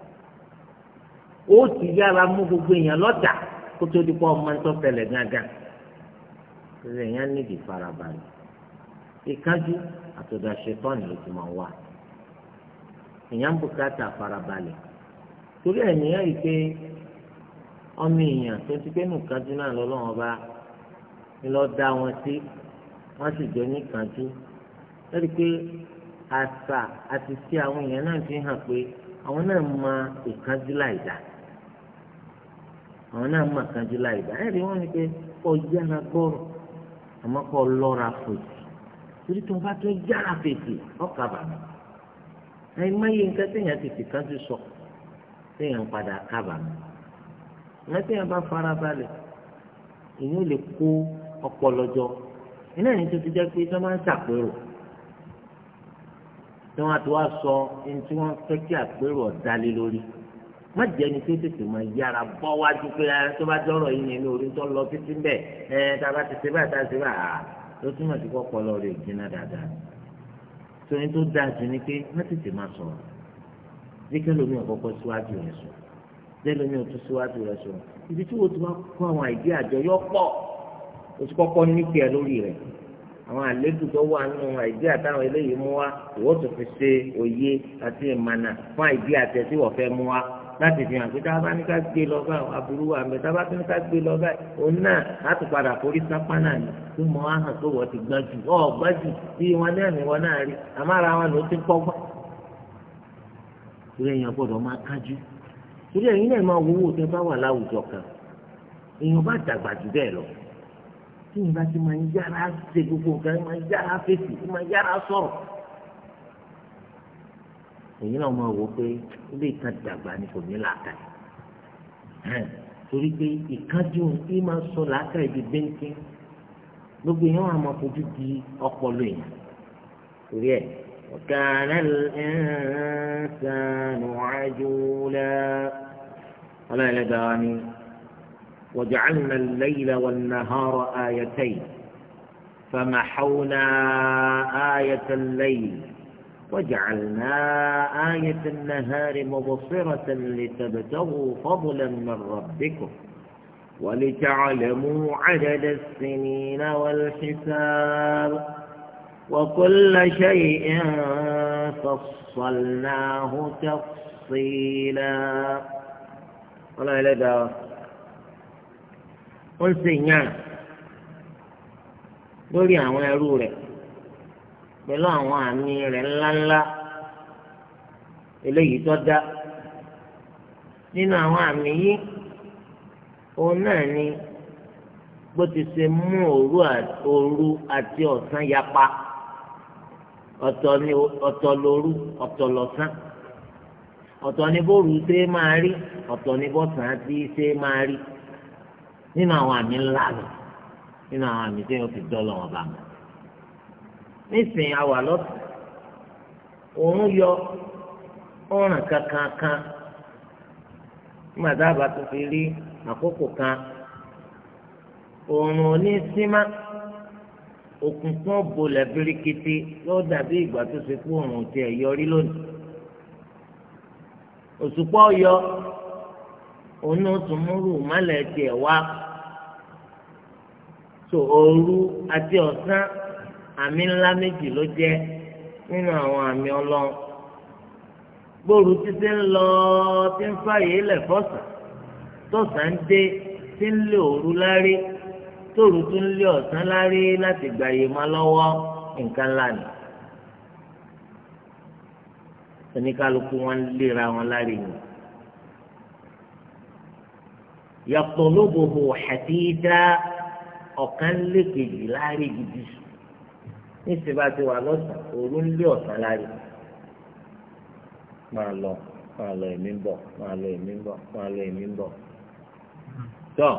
ó ti yára mú gbogbo èèyàn lọ́tà kó tó di pọ́ ọmọ tó tẹ̀lẹ̀ gángan èèyàn nídìí farabalẹ̀ ìkájú. E àtọ̀dọ̀ ṣetán ló ti máa wà èèyàn ń bùkátà farabalẹ̀ torí ẹ̀ nìyẹn ya i pé ọmọ èèyàn tó ti náà lọ́lọ́wọ́n bá lọ dá wọn sí wọ́n sì jọ níkanjú lórí pé àṣà àti sí àwọn èèyàn náà fi hàn pé àwọn náà mọ ìkanjú láìdá àwọn náà mọ ìkanjú láìdá ẹ̀rí wọn ni pé gbọ́rọ̀ àmọ́ torí tó bá tún yára fèsì ọkà bàbà ẹ̀yin má yẹ nǹkan téèyàn tètè kájú sọ téèyàn padà kábàámọ̀ ìná téèyàn bá fara balẹ̀ ìyẹn ò lè kó ọpọlọ jọ iná ní tó ti jẹ́ pé tó máa ń ṣàpérò tí wọ́n ti wá sọ ẹni tí wọ́n fẹ́ kí àpérò ọ̀dálé lórí má jẹ́ ẹni tó tètè máa yára bọ́ wájú pé tó bá dọ́rọ̀ yìí ní orí tó lọ títí bẹ́ẹ̀ ẹ̀ tá a bá ti ṣe báyìí tá a ṣe báyìí ló túmọ̀ sí kọ́kọ́ lọ rè jìnnà dáadáa tóyí tó dáa jù ni pé má tètè má sọ̀rọ̀ díkẹ́ lómi ọ̀kọ́kọ́ síwájú rẹ̀ sọ díkẹ́ lómi ọ̀tún síwájú rẹ̀ sọ ibi tí wọ́n ti wá kó àwọn àìdí àjọ yọ pọ̀ o ti kọ́kọ́ níkẹ́ lórí rẹ̀ àwọn àlejò tó wà nínú àìdí àtàwọn eléyìí mú wa ìwọ́n tó fi ṣe òye àti ìmànà fún àìdí àtẹ tí wọ́n fẹ́ mú wa láti fi hàn pé tá a bá ní ká gbé lọ báyìí aburú wa mẹ́ tá a bá ní ká gbé lọ báyìí òun náà á tún padà forí sápá náà ni ń mọ ahàn pé wọ́n ti gbájú ọ̀ gbájú bí wọn náà ní wọn náà rí àmọ́ ara wọn ló ti ń pọ́gbọ́n. torí èèyàn gbọ́dọ̀ máa kájú torí ẹ̀yin náà máa wo owó tó bá wà láwùjọ kan èèyàn bá dàgbà jù bẹ́ẹ̀ lọ tí èèyàn bá ti máa yára ṣe gbogbo nǹkan máa yára fèsì máa yára sọ̀rọ̀ èyí náà máa wò pé ilé ìka dàgbà ni kò ní làákà yìí torí pé ìkájú yìí máa sọ làákà yìí bíntín gbogbo yẹn wà máa fojú di ọpọlọ èèyàn torí ẹ وكان الإنسان عجولا ولا لداني وجعلنا الليل والنهار آيتين فمحونا آية الليل وجعلنا آية النهار مبصرة لتبتغوا فضلا من ربكم ولتعلموا عدد السنين والحساب وكل شيء فصلناه تفصيلا ولا لدى والسنين lórí àwọn ẹrú rẹ̀ pẹ̀lú àwọn àmì rẹ̀ ńláńlá eléyìí tó dá nínú àwọn àmì yìí òun náà ni bó ti ṣe mú òru àti ọ̀sán yapa ọ̀tọ̀ ni ọ̀tọ̀ lóru ọ̀tọ̀ lọ́sán ọ̀tọ̀ ni bóru ṣe máa rí ọ̀tọ̀ ni bọ́sàn ti ṣe máa rí nínú àwọn àmì ńlá lọ nínú àwọn àmì tí wọ́n fi dọ́lọ̀ wọn bá mọ́ nísìnyí àwà lọ́sàn òun yọ ọ̀ràn kankan kan nígbà tá a bá tó fi rí àkókò kan oòrùn ní símá òkùnkùn bolẹ̀ birikiti ló dàbí ìgbà tó ṣe kú oòrùn tiẹ̀ yọrí lónìí òṣùpá ọyọ onú tùmúrù mọ́lẹ̀ tiẹ̀ wá so òru àti ọ̀sán àmì ńlá méjì ló jẹ́ nínú àwọn àmì ọlọ́run gbòòrò títí ń lọ tí ń fàyè lẹ̀ fọ́sàn tọ̀sán dé tí ń lé òru lárí tóòrù tún lé ọ̀sán lárí láti gbàyè má lọ́wọ́ nǹkan lánàá oníkálukú wọn ń léra wọn lárí ni yàtọ̀ lóbòbò xàtìdá ọ̀kan lé kejì lárí gidi níṣẹ́ bá ti wà lọ́sàn òru ń lé ọ̀sán lárí máa lọ máa lọ èmi ń bọ̀ máa lọ èmi ń bọ̀ máa lọ èmi ń bọ̀. tọ́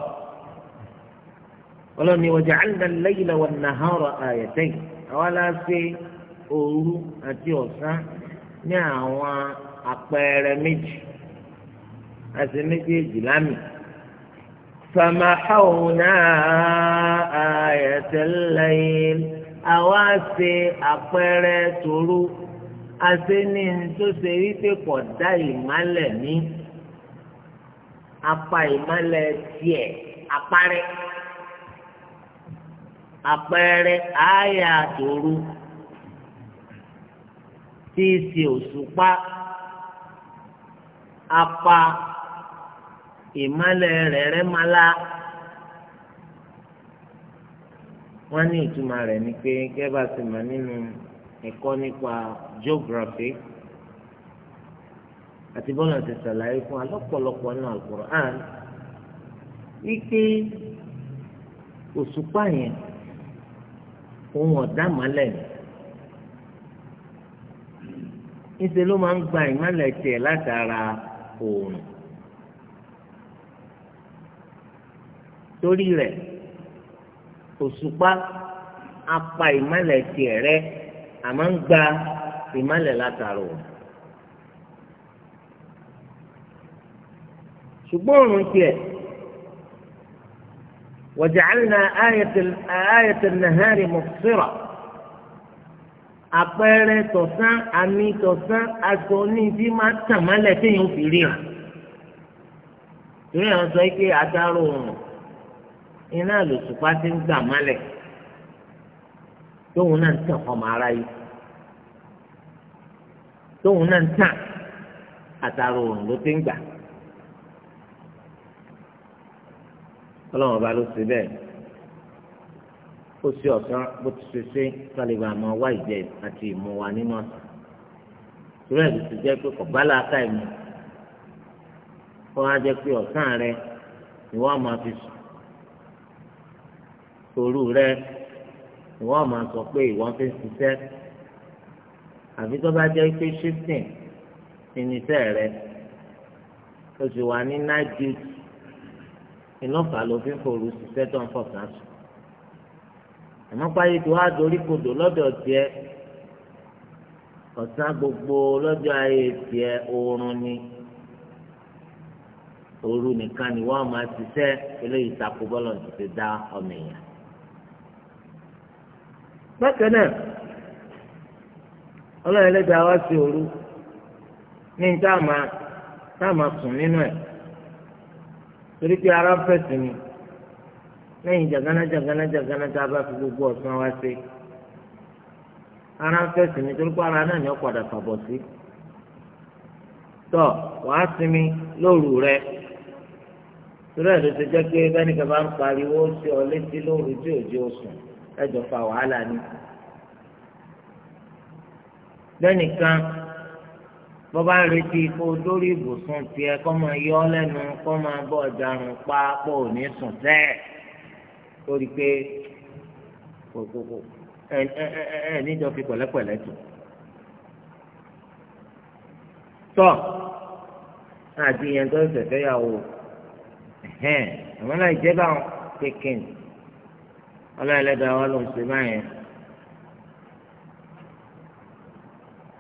ọlọ́ni ọjà alìlẹ́yìnlá wà nàhárọ̀ àyẹ̀tẹ́yìn àwa la ṣe àti ọ̀sán ní àwọn àpẹẹrẹ méjì àti méjèèjì lámì. فمحونا آية الليل àwa apere àpẹẹrẹ tòru àti ní tó ṣe wípé kò apá ìmọ̀lẹ̀ tiẹ̀ apárẹ́ apẹ́rẹ́ àyà tòru tí í ṣe òṣùpá apá ìmọ̀lẹ̀ rẹ̀rẹ̀ mọ́lá wọ́n ní ìtumọ̀ rẹ̀ ni pé kẹ́bà ti mọ̀ nínú ẹ̀kọ́ nípa geography àti bọ́lá ti sàlàyé fún wa lọ́pọ̀lọpọ̀ nínú Al-Qur'an wípé òṣùpá yẹn òun ọ̀dá mọ́lẹ̀ níṣẹ́ ló máa ń gba ìmọ̀lẹ̀ tiẹ̀ látara oòrùn torí rẹ̀ òṣùpá apa ìmọ̀lẹ̀ tiẹ̀ rẹ̀ àmọ́ ń gba ìmọ̀lẹ̀ látara oòrùn. ṣùgbọ́n òun tiẹ̀ wàjàlínà ayatul nahari mọ̀síra àpẹẹrẹ tọ̀sán àmì tọ̀sán aṣọ onídìí máa tàn mọ́lẹ̀ téèyàn fi ríran torí àwọn sọ pé adarò òun iná lòṣùpá ti ń gbà mọ́lẹ̀ tóun náà ń tàn ọmọ ara yìí tóun náà ń tàn àtàrò òun ló ti ń gbà. ọlọ́run ọba ló ṣe bẹ́ẹ̀ ó ṣe ọ̀sán bó ti ṣe ṣe kálíbà máa wá ìjẹ àti ìmu wa nínú ọ̀sán ìrẹ́ ìlú ti jẹ́ pé kò bá làákà ìmọ̀ wọ́n á jẹ́ pé ọ̀sán rẹ ni wọ́n máa fi sùn òru rẹ ni wọ́n máa sọ pé ìwọ́n fi ń ṣiṣẹ́ àfi tó bá jẹ́ pé shifting ní rẹ ó sì wà ní night duty. iná fà ló fi ń forú ṣiṣẹ́ tó ń fọ̀tà sùn àmọ́ páyé ọ̀sán gbogbo lọdọ ayé tiẹ̀ oorun ni nìkan ni wọ́n máa ṣiṣẹ́ eléyìí takò bọlọ ti dá ọmọ èèyàn. bákan náà wá sí ní torí pé ara ń fẹ̀sìn ni lẹ́yìn jàgánná jàgánná jàgánná tá a bá fi gbogbo ọ̀sán wá sí ara ń fẹ̀sìn ni torí pé ara náà ni ó padà fàbọ̀ sí tọ́ wàá sinmi lóru rẹ torí ẹ̀ ti jẹ́ pé bẹ́ẹ̀ni kẹfà ń pariwo sí ọ létí lóru tí òjò sùn ẹ̀jọ̀ fa wàhálà ni lẹ́nìkan bó bá ń retí kó lórí ibùsùn tiẹ̀ kó máa yọ ọ́ lẹ́nu kó máa bọ̀ darun pa kó ò ní sùn sẹ́ẹ̀ ó rí i pé kòkòkò ẹ ẹ ẹ níjọ fi pẹ̀lẹ́pẹ̀lẹ́ tù. tọ́ àdìyàn tó ń ṣẹ̀fẹ́ yà wò ẹ̀hẹ́n àwọn náà ìjẹ́ báwọn ọlọ́ọ̀lẹ́dàá wa ló ń ṣe báyẹn.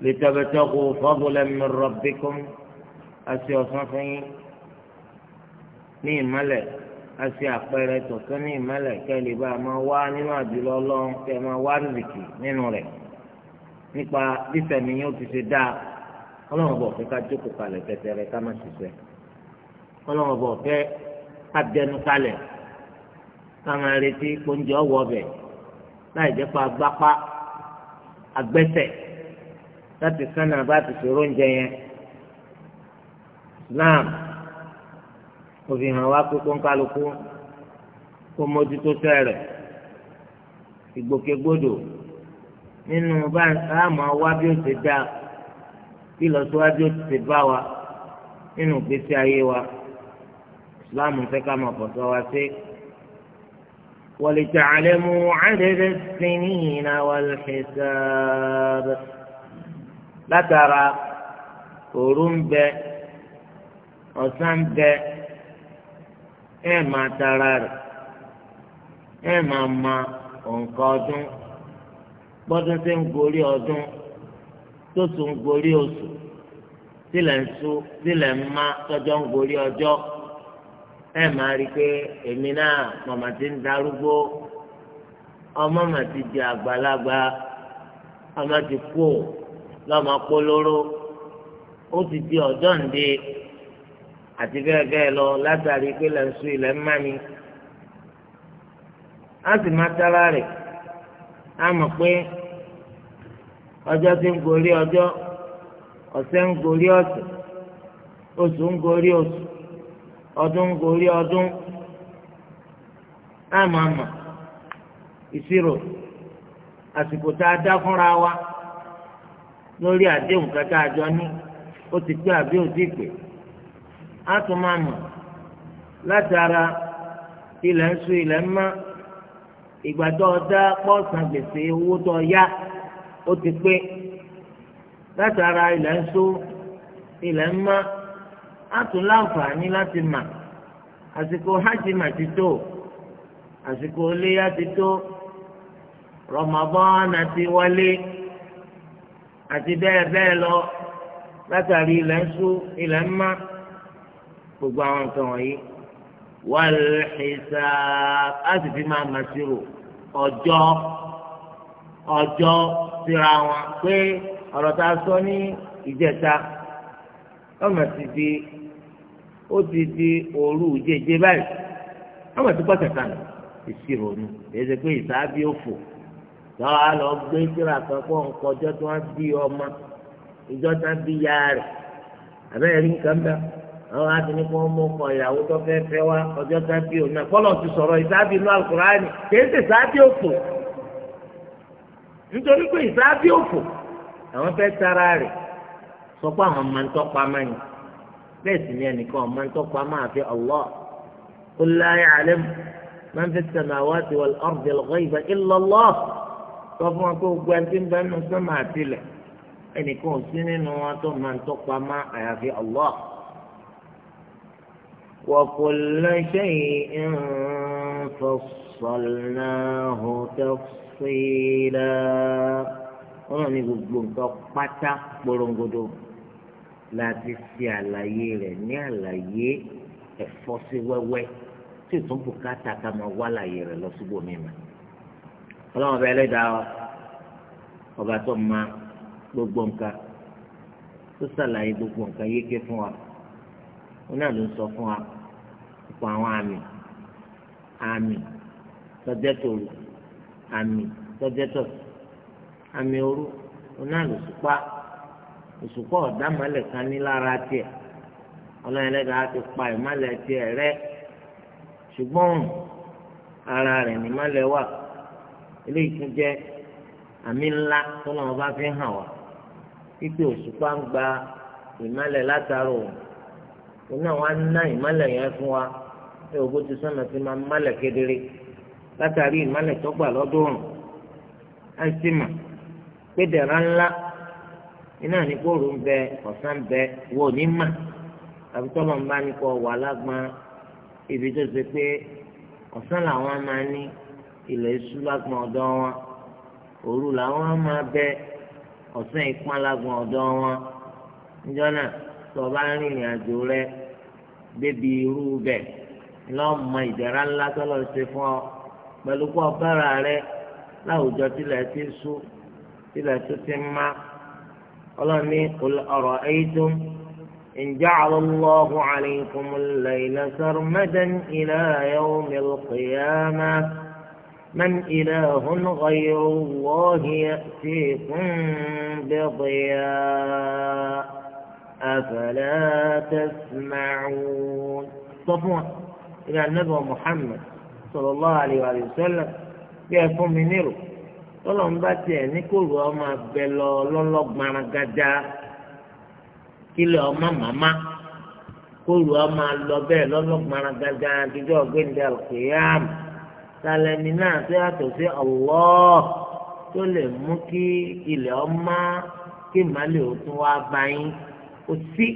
لتبتغوا فضلا من ربكم أسي وصفي نيم ملك أسي أقبل تصني ملك كلبا ما واني ما دل الله كما وارزكي نينوري nípa bísẹ̀mí yóò ti ṣe dáa ọlọ́run bọ̀ fẹ́ ká jókòó kalẹ̀ tẹ̀tẹ̀rẹ̀ ká má ṣiṣẹ́ ọlọ́run bọ̀ fẹ́ ká dẹnu kalẹ̀ ká máa retí kóúnjẹ ọ̀wọ́ ọbẹ̀ láì jẹ́ pa agbápá agbẹ́sẹ̀ láti kánà bá ti ṣòro oúnjẹ yẹn Islam òfin hàn wá pé kónkálukú kó mójútó sẹ́rẹ̀ ìgbòkègbodò nínú bá àmọ́ wá bí ó ṣe dá kí lọ́síwájú ó ti ṣe bá wa nínú ìgbésí ayé wa Islam fẹ́ ká máa bọ̀sọ́ wa sí. ولتعلموا عدد السنين والحساب látara òru ń bẹ ọ̀sán ń bẹ ẹ máa tara rẹ̀ ẹ máa ma òǹkà ọdún gbọ́dún tí ń gorí ọdún tó tún ń gorí oṣù sílẹ̀ ń sú sílẹ̀ ń má tọ́jọ́ ń gorí ọjọ́ ẹ máa rí i pé èmi náà màmá ti ń darúgbó ọmọ màá ti di àgbàlagbà ọmọ ti kú o. lọ́mọ polóró ó ti di ọjọ́ ǹde àti bẹ́ẹ̀ bẹ́ẹ̀ lọ látàrí pé nso ilẹ̀ ń mání á sì máa tara rẹ̀ á mọ̀ pé ọjọ́ ti ń gorí ọjọ́ ọ̀sẹ̀ ń gorí ọ̀sẹ̀ oṣù ń gorí oṣù ọdún ń gorí ọdún á máa mọ̀ ìṣirò àsìkò tá a dá fúnra wa. lórí àdéhùn kẹta àjọ ní ó ti pé àbí ó ti pè á tún máa láti ara ilẹ̀ ń sun ilẹ̀ ń ìgbà owó tó yá ó ti pé ara ilẹ̀ ń sun ilẹ̀ ń mọ́ á tún láǹfààní láti mà àsìkò hajj mà ti ti tó àti bẹ́ẹ̀ bẹ́ẹ̀ lọ látàrí ilẹ̀ ń sú ilẹ̀ ń má gbogbo àwọn nǹkan wọ̀nyí wal hisab á fi máa mà sírò ọjọ́ ọjọ́ síra wọn pé ọ̀rọ̀ tá a sọ ní ìjẹta ọmọ ti di ó ti di òru jẹjẹ báyìí ọmọ ti pọ̀ tẹ̀ka nù ìṣirò nù èyí ṣe pé ìsáábí ó náà á lọ gbé kíra kan kó ń kọjọ́ tí wọ́n bí ọmọ ìjọ tán bí ya rẹ̀ àbẹ́rẹ́ rí nǹkan bẹ́ẹ̀ àwọn adìní kan mú ọkọ ìyàwó tó fẹ́ fẹ́ wá ọjọ́ tán bí òun náà kọ́lọ̀ ti sọ̀rọ̀ ìsáàbì inú alukurani kìí ṣe ìsáàbì òfò nítorí pé ìsáàbì òfò àwọn fẹ́ tara rẹ̀ sọ pé àwọn máa ń tọ́pa mẹ́yìn bẹ́ẹ̀ sì ni ẹnìkan máa ń tọ́pa máa fi Allah qul la sọ fún wọn pé gbogbo ẹni tí ń bẹ nínú sọ́mà àtìlẹ̀ ẹnìkan ò sí nínú wọn tó máa ń tọ́pa má àyàfi Allah. وكل شيء فصلناه تفصيلا wọ́n ní gbogbo nǹkan pátá porongodo láti ṣe àlàyé rẹ̀ ní àlàyé ẹ̀fọ́ sí wẹ́wẹ́ tí ìtúnbù káta ká máa wá àlàyé rẹ̀ lọ síbòmíràn ọlọ́run ọba ẹlẹ́dàá wa ọba tó ma gbogbo nǹkan tó sàlàyé gbogbo nǹkan yéké fún wa wọn náà ló ń sọ fún wa ọ̀pọ̀ àwọn àmì àmì tọ́jẹ́ tòru àmì tọ́jẹ́ tọ̀sí àmì òru wọn náà ló sùpá òṣùpá ọ̀dàmọ́lẹ̀ kan ní lára tiẹ̀ ọlọ́run ẹlẹ́dàá ti pa ìmọ̀lẹ̀ tiẹ̀ rẹ́ ṣùgbọ́n ara rẹ̀ ní ìmọ̀lẹ̀ wà eléyìí tún jẹ́ àmì ńlá tó lọ́wọ́ bá fi hàn wá pípé òṣùpá ń gba ìmálẹ̀ látara òun òun náà wá ná ìmálẹ̀ yẹn fún wa pé ògbó ti sọ́nà sí máa málẹ̀ kedere látàrí ìmálẹ̀ tó gbà lọ́dún ọ̀run láìsí mà pé dẹ̀ra ńlá iná ní kóòrò ń bẹ ọ̀sán bẹ wò ní mà àbí tọ́lọ̀ bá ní kọ́ wà lágbọ́n ibi tó ṣe pé ọ̀sán làwọn máa ní. ilẹ̀ isu lágbọn ọ̀dọ́ wọn òru làwọn máa bẹ ọ̀sán ìpọn lágbọn ọ̀dọ́ wọn níjọ́ náà tó bá ń rìnrìn àjò rẹ débi irú bẹ̀ lọ́mọ ìdẹ̀ra ńlá tọ́lọ̀ ṣe fún ọ pẹ̀lú rẹ láwùjọ tilẹ̀ ti tilẹ̀ tó ti má ọ̀rọ̀ tó ń. من إله غير الله يأتيكم بضياء أفلا تسمعون صفوان إلى النبي محمد صلى الله عليه وآله وسلم بيكون من نيرو tọlọm bá tiẹ ní kóòlù ọmọ abẹ lọ lọlọgbọnrán gàdá kílẹ ọmọ màmá kóòlù ọmọ alọ bẹẹ lọlọgbọnrán gàdá dídọ gbẹndẹ àlùkò yáàmù talẹni náà tó yàtọ̀ sí Allah tó lè mú kí ilẹ̀ ọmọ kí màálè ó tún wá bá yín kò sí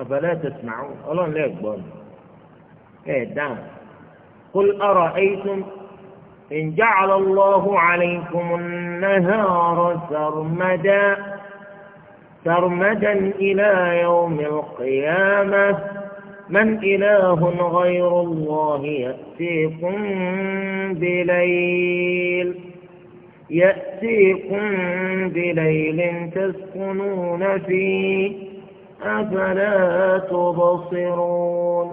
àbẹ̀lẹ̀ tẹ̀sán àwọn ọlọ́run lè gbọ́ ni ẹ̀ dáhùn kul ara'aytum in ja'ala Allahu 'alaykum an-nahara sarmadan sarmadan ila yawmi al-qiyamah. من إله غير الله يأتيكم بليل يأتيكم بليل تسكنون فيه أفلا تبصرون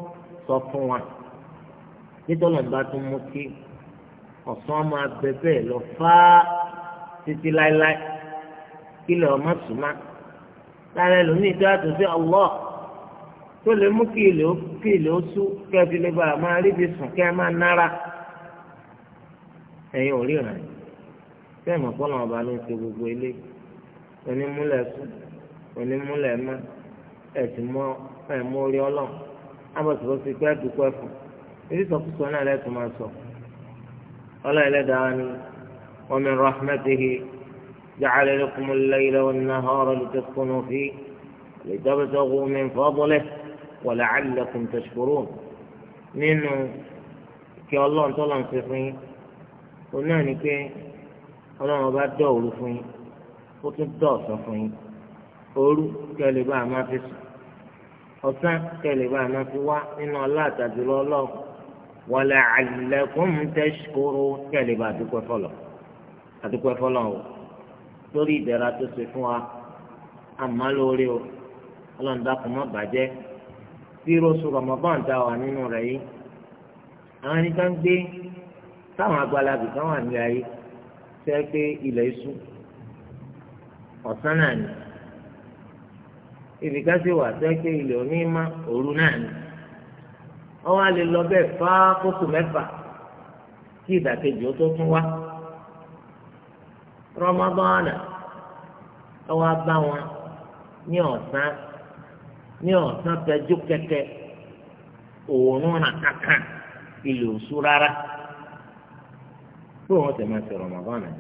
صفوة nítorí ọba tó mú kí ọ̀sán máa bẹ bẹ́ẹ̀ lọ fáá títí láéláé kí lè ọmọ sùnmá lára ẹlòmíì tó yàtọ̀ sí ọlọ́ọ̀ tó lè mú kí ilé ó kí ilé ó sú kí ẹ fi lè bá a máa ríbi sùn kí ẹ máa nára ẹ̀yin ò ríran bẹ́ẹ̀ mọ̀ pọ́nà ọba ló ń ṣe gbogbo ilé onímúlẹ̀ sùn onímúlẹ̀ mọ́ ẹ̀sìn mọ́ ẹ̀ mú orí ọlọ́run ábọ̀sibọ́sí pé ẹ̀dùkọ́ ẹ̀fọ́ ebi sọkúsọ náà lẹ́tọ̀ máa sọ ọlọ́run ẹlẹ́dàá ni wa rahmatihi ja'ala lakumul layla wan nahara ولعلكم تشكرون nínú kí ọlọ́run tọ́lọ̀ ń ṣe fún yín ó náà ni pé ọlọ́run ọba dọ̀ òru fún yín ó tún dọ̀ ọ̀sán fún yín òru kẹlẹ̀ bá a máa fi sùn ọ̀sán kẹlẹ̀ bá a máa fi wá nínú ọlá àtàdúró ọlọ́run wàlẹ̀ àlẹ́kùn tẹ̀síkóró kẹlẹ̀ bá a fọlọ́ àdúpẹ́ fọlọ́ o lórí ìdẹ̀ra tó ṣe fún wa àmọ́ lórí o ọlọ́run dákun má bàjẹ́ bí rọ́ṣù Ramadan dá wà nínú rẹ̀ yìí àwọn ẹni kan gbé táwọn agbálagbè kan wà ní ayé tẹ́ pé ilẹ̀ iṣu ọ̀sán náà ni ibìkà sì wà tẹ́ pé ilẹ̀ onímọ̀ òru náà ni wọ́n wá lè lọ bẹ́ẹ̀ fá kóso mẹ́fà kí ìdàkejì ó tó tún wá Ramadan náà wọ́n wá bá wọn ní ọ̀sán. ní ọ̀sán fẹjú kẹkẹ òórùn kankan ilé òṣù rárá bí wọn máa ṣe Ramadan náà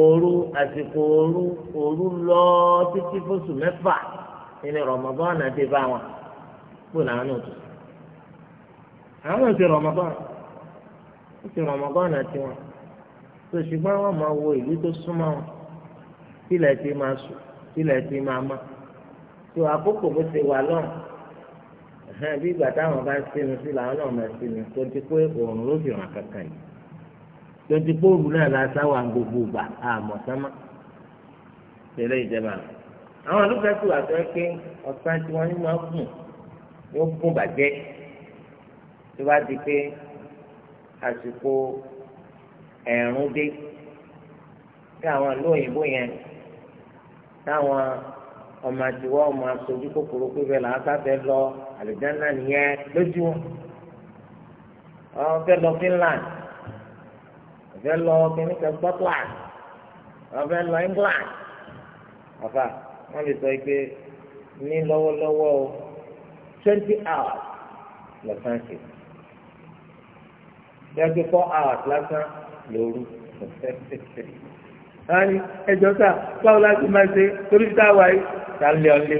òru àsìkò òru ooru lọ títí fóṣù mẹ́fà ní na náà ti bá wọn kó làwọn tó àwọn ti Ramadan ó ti Ramadan náà ti wọn tó ṣùgbọ́n wọn máa wo ìlú tó súnmọ́ wọn tílẹ̀ máa sùn tílẹ̀ máa máa. tó àkókò bó ṣe wà náà hàn bí ìgbà táwọn bá ń sinmi sí làwọn náà máa sinmi tó ti pé òòrùn ló fi hàn kankan yìí tó ti pé òòrùn náà la sáwà gbogbo gbà àmọ́ sánmà tẹ̀lé ìjẹba àwọn olùkọ́ tó wà sọ pé ọ̀sán tí wọ́n ní máa gùn yóò gùn bàjẹ́ tó bá di pé àsìkò ẹ̀rùn dé kí àwọn ìlú òyìnbó yẹn táwọn ọmọ àtiwọ́ ọmọ aṣojú kòkòrò pé bẹ́ẹ̀ làwọn sáfẹ́ lọ àlùjáná nìyẹn lójú wọn. àwọn fẹ́ lọ Finland àwọn fẹ́ lọ kẹ́míkà Scotland àwọn fẹ́ lọ England. àfà wọ́n lè sọ pé ní lọ́wọ́lọ́wọ́ o twenty hours lọ́sàn-án ṣe. twenty four hours lásán lóru *laughs* wọ́n ní ẹjọ́ sá báwo láti máa ṣe torí táwa yìí ta lé ọlé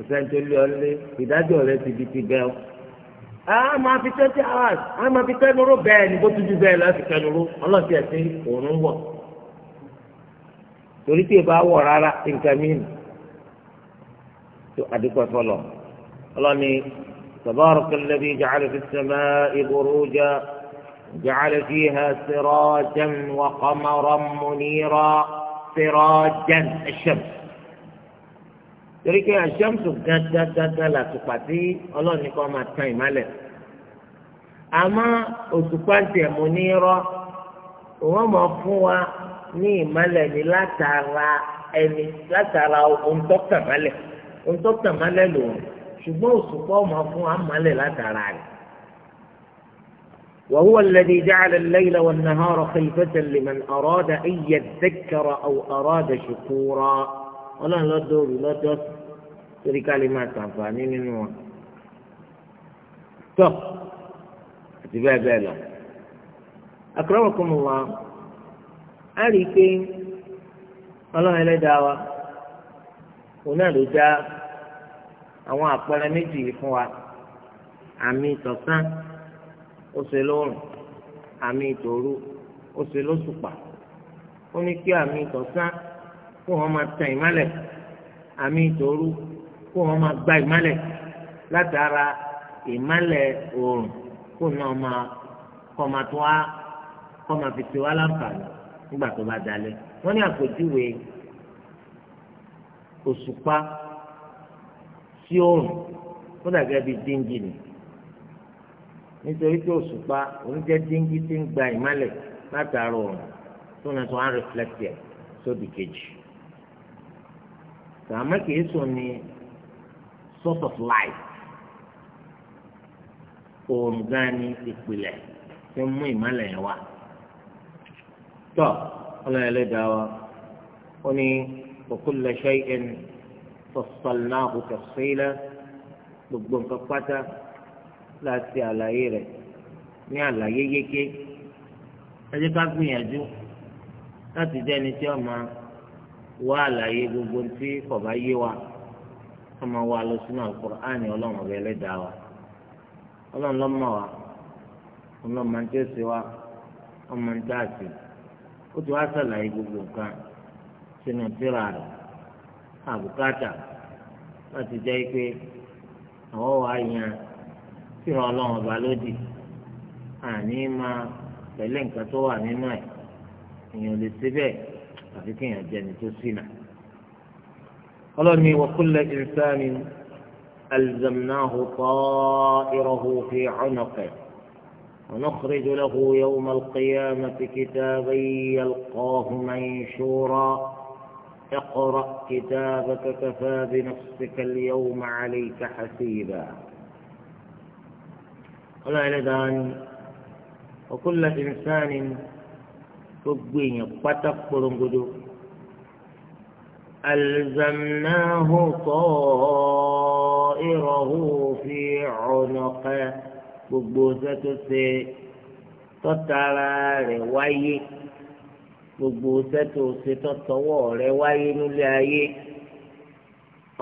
ọsẹni tó lé ọlé ìdájọ́ rẹ ti di ti bẹ ọ. a máa fi twenty hours a máa fi kẹnuró bẹ́ẹ̀ ni bó tún ju bẹ́ẹ̀ láti kẹnuró ọlọ́ọ̀tì ẹ̀sìn òórùn wọ̀ torí tí bá wọ̀ rárá nǹkan mìíràn tó àdìpọ̀ fọlọ̀ ọlọ́ni تبارك الذي جعل في السماء بروجا جعل فيها سراجا وقمرا منيرا سراجا الشمس torí pé àṣàmùsùn gángangangan làtùpà tí ọlọ́ọ̀ni kan máa tan ìmálẹ̀ àmọ́ òtùpá ń tiẹ̀ mú ní rọ́ òun mọ̀ fún wa ní ìmálẹ̀ ní látara ẹni látara òǹtọ́kàmálẹ̀ òǹtọ́kàmálẹ̀ lòun ṣùgbọ́n òtùpá ọmọ fún wa málẹ̀ látara rẹ̀. وهو الذي جعل الليل والنهار خلفة لمن أراد أن يذكر أو أراد شكورا ọlọ́run lọ́dọ̀ òru lọ́dọ̀ torí ká lè máa ṣàǹfààní nínú wọn. tọ́ àti bẹ́ẹ̀ bẹ́ẹ̀ lọ. akramakumullah á rí i pé ọlọ́run ẹlẹ́dàá wa òun náà ló dá àwọn àpẹẹrẹ méjì yìí fún wa àmì tọ̀sán ó àmì tòru ó ó ní kí àmì tọ̀sán kó wọn máa tan ìmálẹ̀ àmì ìtòrú kó wọn máa gba ìmálẹ̀ látara ìmálẹ̀ oòrùn kó náà máa kọ́ máa tó wá kọ́ máa fi tiwa láǹfààní nígbà tó bá dalẹ̀ wọ́n ní àpèjúwe òṣùpá sí oòrùn ó dàgẹ́ bíi díngì ni nítorí pé òṣùpá òun jẹ́ díngì tí ń gba ìmálẹ̀ látara oòrùn tó náà tó wá ń ẹ̀ sódì kejì sàmà kìí sùn ní source of life oòrùn gan ni ìpìlẹ̀ tí ń mú ìmọ̀lẹ̀ yẹn wá tọ́ ọlọ́yẹ dá wa ó ní وكل شيء فصلناه تفصيلا gbogbo nǹkan pátá láti àlàyé rẹ̀ ní àlàyé yéké ẹ jẹ́ ká gbìyànjú láti jẹ́ tí ó máa wá àlàyé gbogbo tí kò bá yé wa ká máa wá lọ sínú àkùránì ọlọ́run ọbẹ̀ ẹlẹ́dàá wa ọlọ́run ló mọ̀ wa ọlọ́run máa ń tẹ̀sí wa ọmọ ń tààsì ó ti wá sàlàyé gbogbo nǹkan sínú rẹ̀ àbùkátà láti jẹ́ pé àwọn wàá yan ọlọ́run ọba lódì àní máa nǹkan àfi kéèyàn jẹ قلني وكل إنسان ألزمناه طائره في عنقه ونخرج له يوم القيامة كتابا يلقاه منشورا اقرأ كتابك كفى بنفسك اليوم عليك حسيبا قال إلى وكل إنسان gbogbo èèyàn pátá korongodo alzamnahu ta'irahu fi unuqa gbogbo sẹ́tọ́ ṣe tọ́tara rẹ̀ wáyé gbogbo sẹ́tọ́ ṣe tọ́tọwọ́ rẹ̀ wáyé nílé ayé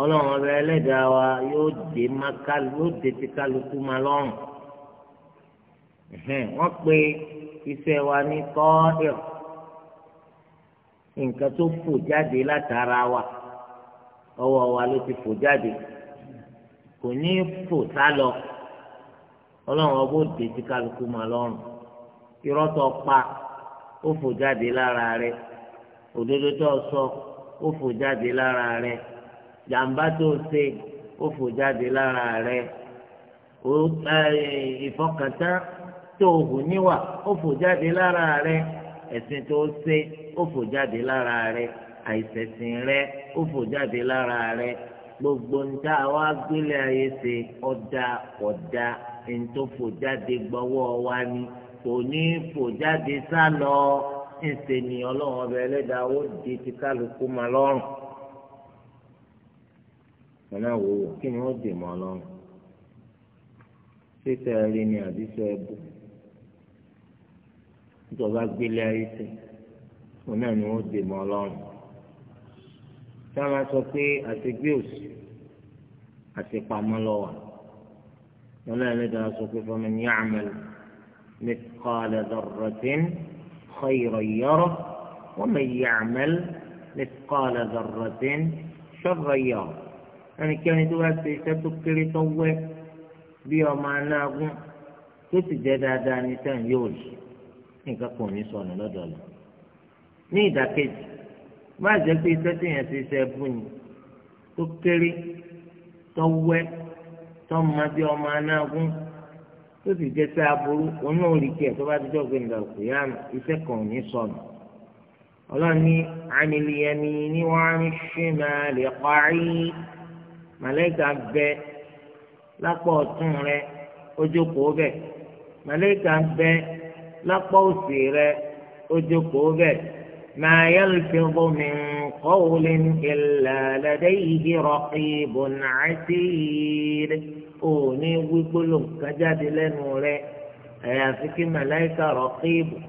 ọlọ́run ọba ẹlẹ́dàá wa yóò dé maka yóò dé ti kálukú ma lọ́rùn wọ́n pe iṣẹ́ wa ní tọ́ọ̀dẹ̀ nǹkan tó fò jáde látara wa ọwọ́ wa ló ti fò jáde kò ní fò sá lọ ọlọ́run ọgbọ́n òde tí kálukú máa lọ́rùn irọ́ tó pa ó fò jáde lára rẹ òdodo tó sọ ó fò jáde lára rẹ jàǹbá tó ṣe ó fò jáde lára rẹ ìfọkàntán tó o hù níwà ó fò jáde lára rẹ ẹ̀sìn tó ṣe ó fò jáde lára rẹ àìsẹ̀sìn rẹ ó fò jáde lára rẹ gbogbo ń tá a wá gbélé ayé ṣe ọ̀dà ọ̀dà tó fò jáde gbọ́wọ́ wa ni kò ní fò jáde sá lọ ọbẹ̀ ẹlẹ́dàá di ma lọ́rùn. níjọba gbélé ayé sí òun náà ni wọ́n dè mọ́ ọlọ́run tí wọ́n máa sọ pé àtẹgbé òsì àtẹpamọ́ lọ́wọ́ wọn náà ní ìdáná sọ pé fọmọ ní àmàlù مثقال ذرة خيرا يره ومن يعمل مثقال ذرة شرا يره ẹnikẹ́ni tó bá ṣe iṣẹ́ tó kéré tó wẹ́ bí ọmọ anágún tó ti jẹ́ dáadáa ní sẹ́yìn yóò rí nǹkan kan ò ní sọnù lọ́dọ̀ lọ. ní ìdàkejì má jẹ́ pé iṣẹ́ tí yẹn ti ṣe bú ni tó kéré tó wẹ́ tó mọ bí ọmọ anágún tó sì jẹ́ sẹ́ aburú oní òrìkì ẹ̀ tó bá ti dọ̀gbìn ìgbà kò yá iṣẹ́ kan ò ní sọnù. ọlọ́ni ànìlìyẹmí ni wọ́n ń ṣe máa lè parí màlẹ́kà bẹ lápò ọ̀tún rẹ ó jókòó bẹ̀ bẹ lápá òsì rẹ̀ ó jókòó bẹ́ẹ̀ máa yálùfẹ́ bómi kọ́wọ́lé ńlá lẹ́dẹ́ yìí rọ̀kì bọ̀nà àti yìí ò ní wípé ló ń ká jáde lẹ́nu rẹ̀ àyàfi kí màláìka rọ̀kì bọ̀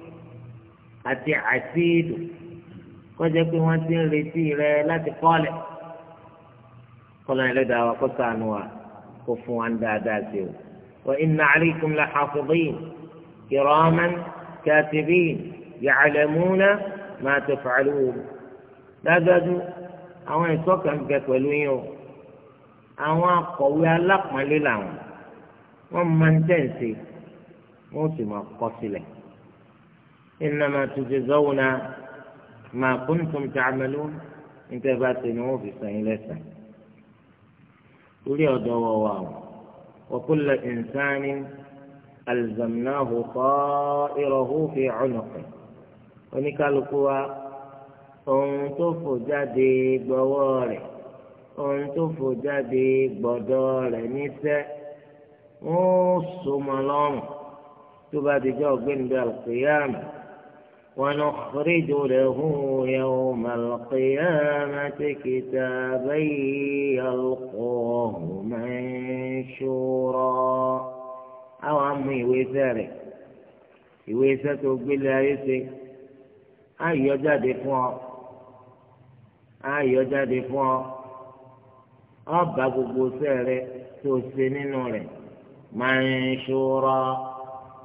àti àti ìdù kọjá pé wọ́n ti ń retí rẹ̀ láti kọ́lẹ̀ kọ́lá ẹlẹ́dàá wa kó ṣàánú wa kó fún wa ń dáadáa sí o wa inna alaykum la hafidhin. كراما كاتبين يعلمون ما تفعلون dájú àwọn ìtọ́ka ń bẹ pẹ̀lú yín o àwọn akọ̀wé alápọ̀nlé làwọn wọ́n máa ń tẹ̀sí wọ́n sì máa kọ́ sílẹ̀ innama tujzawna ma kuntum ta'malun níta bá ti ní wọ́n fi sàn yín lẹ́sàn-án. orí ọ̀dọ́ wọ̀ wà o wa kullu insanin alzamnahu tairahu fi unuqi oníkálukú wa ohun tó fò jáde gbọ́wọ́ rẹ̀ ohun tó fò jáde gbọ́dọ̀ rẹ̀ níṣẹ́ wọ́n so mọ́ tó bá dijọ́ gbẹ̀ndé alqiyama ونخرج له يوم القيامة كتابا يلقاه منشورا àwọn amú ìwé iṣẹ́ rẹ̀ ìwé iṣẹ́ tó gbélé ayé ṣe á yọ jáde fún ọ á yọ jáde fún ọ ọba gbogbo iṣẹ́ rẹ̀ tó ṣe nínú rẹ̀ máa ń ṣòro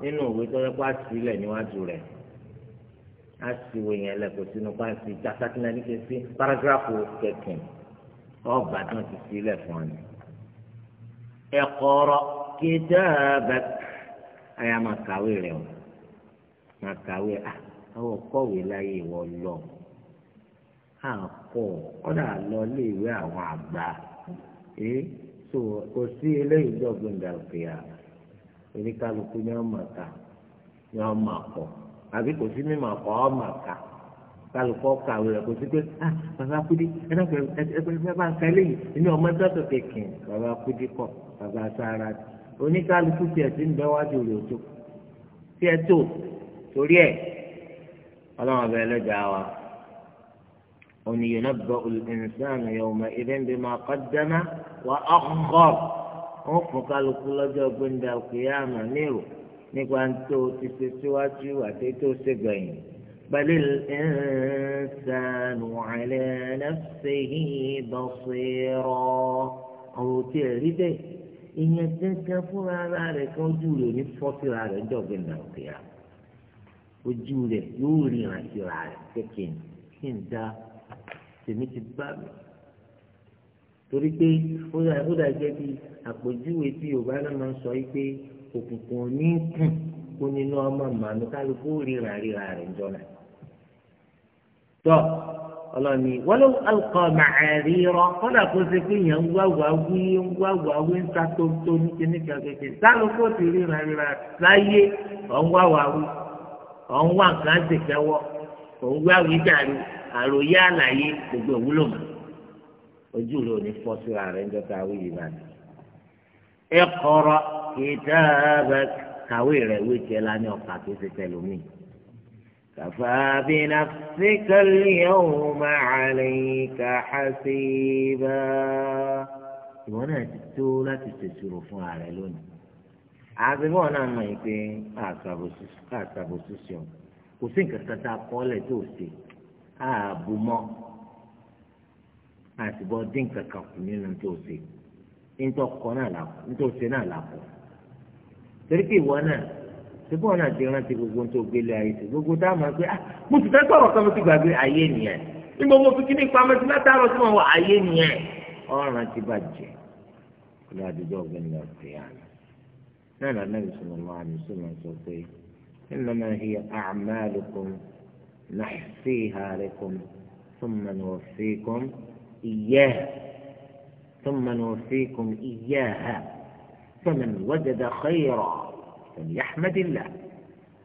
nínú ìwé tó yẹ kó a níwájú rẹ̀ a sì wò yẹn lẹ kó sínú pàṣẹ jásákínà ní kẹsí paragraph kẹkẹ ọba náà ti sílẹ̀ fún ọ ni ẹ kọrọ kìtàbà àyà máa kàwé rẹ o máa kàwé à àwọn kọ̀wé láyé ìwọ lọ àkọ ọ̀dà lọ lé ìwé àwọn àgbà ẹ so kò sí eléyìí dọ̀gbìn dàgbìyà oníkálukú ni wọ́n máa kà ni wọ́n máa kọ̀ àbí kò sí mímọ̀ kọ́ ọ́ máa kà kálukọ́ kàwé rẹ̀ kò sí pé ah bàbá kudi ẹ̀dá pẹ̀lú ẹgbẹ́ bá ń ka eléyìí inú ọmọ ẹgbẹ́ tó kékin bàbá kudi kọ̀ bàbá sára ti oníkálukú tiẹ̀ ti ń bẹ wájú rẹ̀ tó tiẹ̀ tó torí ẹ̀ ọlọ́run ọbẹ̀ ẹlẹ́dàá wa òní yóò náà bọ olùdínsánù yóò mọ ilé ń bẹ máa kọ́ dáná wà á kọ́ wọn fún kálukú lọ́jọ́ gbẹ̀ndà kìyàmà nírò nípa tó ti ṣe síwájú àti tó ṣe gbẹ̀yìn pẹ̀lú ìsánù àlẹ́ náà bọ́ sí rọ́ ọ̀rọ̀ tí ẹ̀ rí bẹ́ẹ̀ ìyẹn gẹ́gẹ́ fúnra ara rẹ̀ kan ojú rẹ̀ ní fọ́síra rẹ̀ jọ̀gbìn náà kìá ojú rẹ̀ yóò ríran síra rẹ̀ kékin kí n da tèmi ti bá mi torí pé ó dà ó dà jẹ́ bí àpèjúwe tí yorùbá náà máa ń sọ yìí pé òkùnkùn ò ní kùn kó nínú ọmọ màmú kálukú ríran ríra rẹ̀ jọ náà ọlọ́ni wọ́lọ́ alùpàá màárí rọ kọ́dà kó ṣe pé èèyàn ń wá wá wí ń wá wá wí ń ta tóńtó ní kíní kẹ̀kẹ́ sálọ kó ti ríran ríra láyé ọ̀ ń wá wá wí ọ̀ ń wá nǹkan ṣe kẹwọ́ ọ̀ ń wá wí dàrú àròyé àlàyé gbogbo òwúlò mọ́ ojú rẹ̀ ní fọ́ síra rẹ̀ ń jọta awé yìí bá ẹ kọ́ra kìtàbà kàwé rẹ̀ wé tiẹ̀ lá ní ọkà tó ṣe tẹ̀lómìn كفى بنفسك اليوم عليك حسيبا ìwọ náà ti tó láti ṣèṣirò fún ààrẹ lónìí àbíbọ̀ náà mọ̀ yìí pé káàsàbò ṣùṣùn kò sí nǹkan kan tá a kọ́ lẹ̀ tó ṣe ààbò mọ́ àtibọ́ dín nǹkan kan kù nínú tó ṣe nítorí ọkọ náà làkọ̀ nítorí ṣe náà làkọ̀ torí pé ìwọ náà síbí wọn náà ti rántí gbogbo tó gbélé ayé tó gbogbo tá a máa gbé ah mo ti fẹ́ sọ̀rọ̀ kan mo ti gbàgbé ayé nìyẹn ní gbogbo fìkì ní ìpamọ́ sí látàrọ̀ tí wọ́n wọ ayé nìyẹn ọ̀ràn ti bàjẹ́ kí ló àdúgbò ọ̀gbìn náà ti àná náà nà nàbì sọ̀rọ̀ máa ní sọ̀rọ̀ sọ pé إنما هي أعمالكم نحصيها لكم ثم نوفيكم إياها ثم نوفيكم إياها فمن وجد خيرا فليحمد الله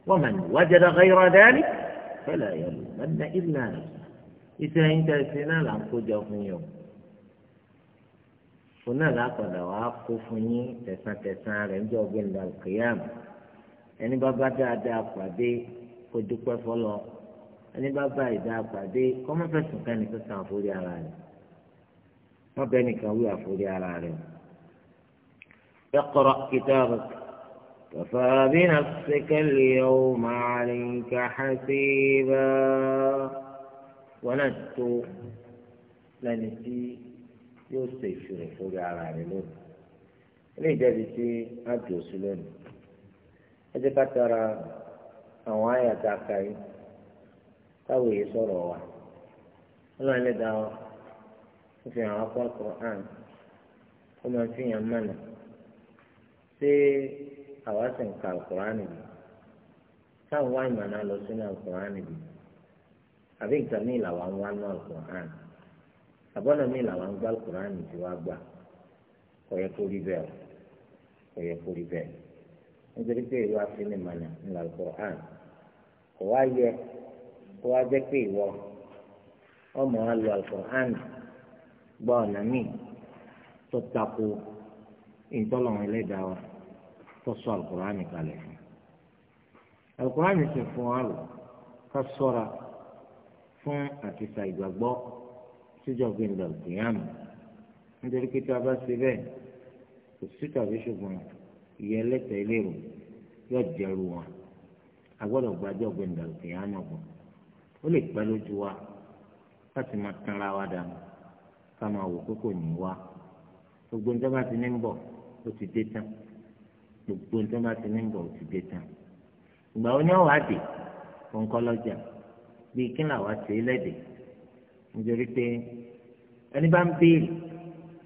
ومن وجد غير ذلك فلا يلومن إلا نفسه إذا أنت سنة لم تجاوبني fúnà lápàdà wàá kó fún yín tẹ̀sán-tẹ̀sán rẹ̀ níjọ́ gbẹ̀ndà kìyàmù ẹni bá bá dáadáa pàdé kó dúpẹ́ fọlọ́ ẹni bá bá ìdá pàdé kó má fẹ̀sùn kẹ́ni tó sàn àforí ara rẹ̀ wọ́n bẹ́ẹ̀ nìkan wí àforí ara rẹ̀. اقرأ كتابك كفى بنفسك اليوم عليك حسيبا ونجت لنتي يوسف شرفوري على لون ilé ìjẹ́bi tí a dì ó sí lónìí ẹ ká tara àwọn àyàtà káyé táwọn èyí sọ̀rọ̀ wa ọlọ́run lè dá wa ó fi hàn ápá kan hàn ó máa fi hàn mánà ṣé àwa sì ń ka àlùkùránì bì táwọn wá ìmọ̀ náà lọ sínú àlùkùránì bì àbí nǹkan míì làwa ń wá ní àlùkùránì àbọ̀nà míì làwa ń gbá àlùkùránì tí wàá gbà kò yẹ kó rí bẹ́ẹ̀ kò yẹ kó rí bẹ́ẹ̀ nítorí pé ìwà sínú ìmọ̀nà ní àlùkùránì kò wá yẹ kó wá jẹ́ pé ìwọ ọmọ wa lọ àlùkùránì gbọ́ ọ̀nà míì tó takò ìtọ́lọ́run ẹlẹ́dàá wa tó sọ alukur'ani kalẹ̀ fún alukur'ani sì fún wa lò ká sọra fún àtìsà ìgbàgbọ́ síjọ gbẹndà òkèèyàmù nítorí pé tí a bá ṣe bẹ́ẹ̀ kò sí tàbí ṣùgbọ́n ìyá ẹlẹ́tẹ̀ eléèrò yóò jẹ́rù wọn a gbọ́dọ̀ gbàjọ gbẹndà òkèèyàmù ọ̀gbọ́n ó lè pẹ́ lójú wa láti máa tanra wa dànù ká máa wò kókò ní wa gbogbo nígbà tí ní ń bọ̀ ó ti dé tán. gbogbo tó bá ti ní nǹkan òtí dé tán ìgbà wo ni ọ̀wá dé kọ́ńkọ́lọ́jà bíi kí làwa ṣe é lẹ́dẹ̀ nítorí pé ẹni bá ń béèrè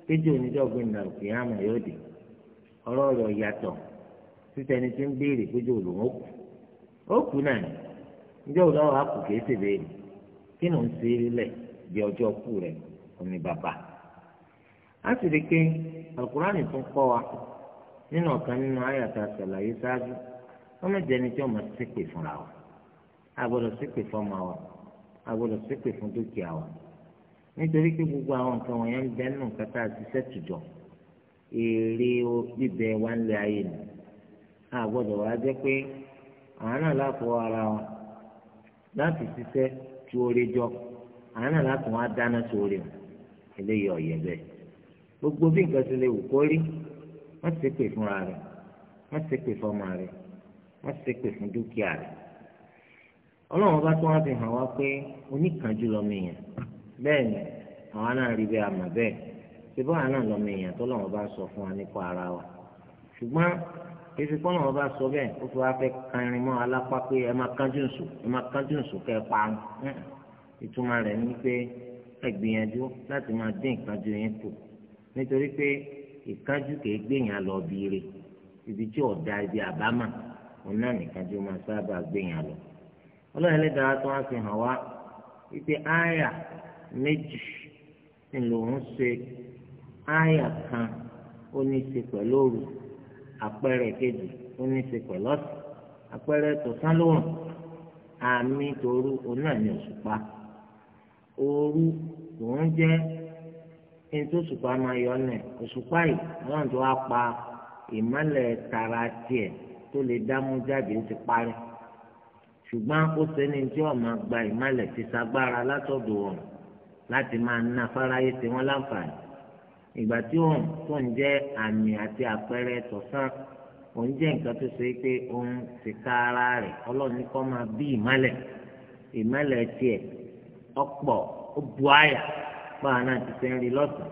péjì onídọ́gbìn náà kì í yóò dé ọ̀rọ̀ ọ̀rọ̀ yàtọ̀ títẹ̀ tí ń béèrè péjì kù ó kù náà ní a sì rí i pé nínú ọ̀kan nínú àyàtà ṣàlàyé ṣáájú wọ́n mẹ́jẹ ni tí wọ́n máa ṣépè fúnra wa a gbọ́dọ̀ ṣépè fọ́mọ wa a gbọ́dọ̀ ṣépè fún dúkìá wa nítorí pé gbogbo àwọn nǹkan wọ̀nyẹn ń bẹ nínú nǹkan tá a ti ṣètùjọ èrè bíbẹ wa ń lé ayé ni a gbọ́dọ̀ wá jẹ́ pé àwọn náà láfọ ara wọn láti ṣiṣẹ́ tu oore jọ àwọn náà láti wọn á dáná tu oore eléyìí ọ̀yẹ́ bẹ́ẹ̀ gbogbo bí nǹkan ti lè wù kó má ṣe pè fúnra rẹ̀ má ṣe pè fọmọ rẹ̀ má ṣe pè fún dúkìá rẹ̀ ọlọ́run bá tó wá fi hàn wá pé oníkánjú lọ́mìyàn bẹ́ẹ̀ ni àwọn náà rí bẹ́ẹ̀ àmọ́ bẹ́ẹ̀ ṣé báwa náà lọ́mìyàn tó lọ́wọ́ bá sọ fún wa nípa ara wa ṣùgbọ́n èsì kọ́ lọ́wọ́ bá sọ bẹ́ẹ̀ ó fi wá fẹ́ kẹrin mọ́ alápá pé ẹ máa kánjú nsù ẹ máa kánjú nsù kẹ́ ẹ parun ìtumọ̀ rẹ̀ ni pé ẹ gbìyànjú láti máa dín ìkánjú yín kù nítorí pé ìkájú kìí gbèyàn lọ bìíre ibi tí ọ̀dà ibi àbámà òun náà nìkanjú máa sábà gbèyàn lọ. ọlọ́run tó wá fi hàn wá wípé áyà méjì ni ṣe áyà kan ó ní í pẹ̀lú òru àpẹẹrẹ kejì ó ní í ṣe pẹ̀lú àpẹẹrẹ àmì tòru òun ntí òṣùpá máa yọ ọ́nà òṣùpá yìí wọ́n tó wá pa ìmọ̀lẹ̀ tara tiẹ̀ tó lè dámú jáde ti parí ṣùgbọ́n ó sẹ́ni tí wọ́n máa gba ìmọ̀lẹ̀ ti sagbára látọ̀dọ̀ wọn láti máa ná fáráyé tí wọ́n láǹfààní ìgbà tí òun tó ń jẹ́ àmì àti àpẹẹrẹ tọ̀sán òun jẹ́ nǹkan tó ṣe pé òun ti ka ara rẹ̀ ọlọ́run kọ́ máa bí ìmọ̀lẹ̀ ìmọ̀lẹ̀ tiẹ̀ ọ̀pọ̀ ó bu àyà máa náà ti ṣe ń rí lọ́sàn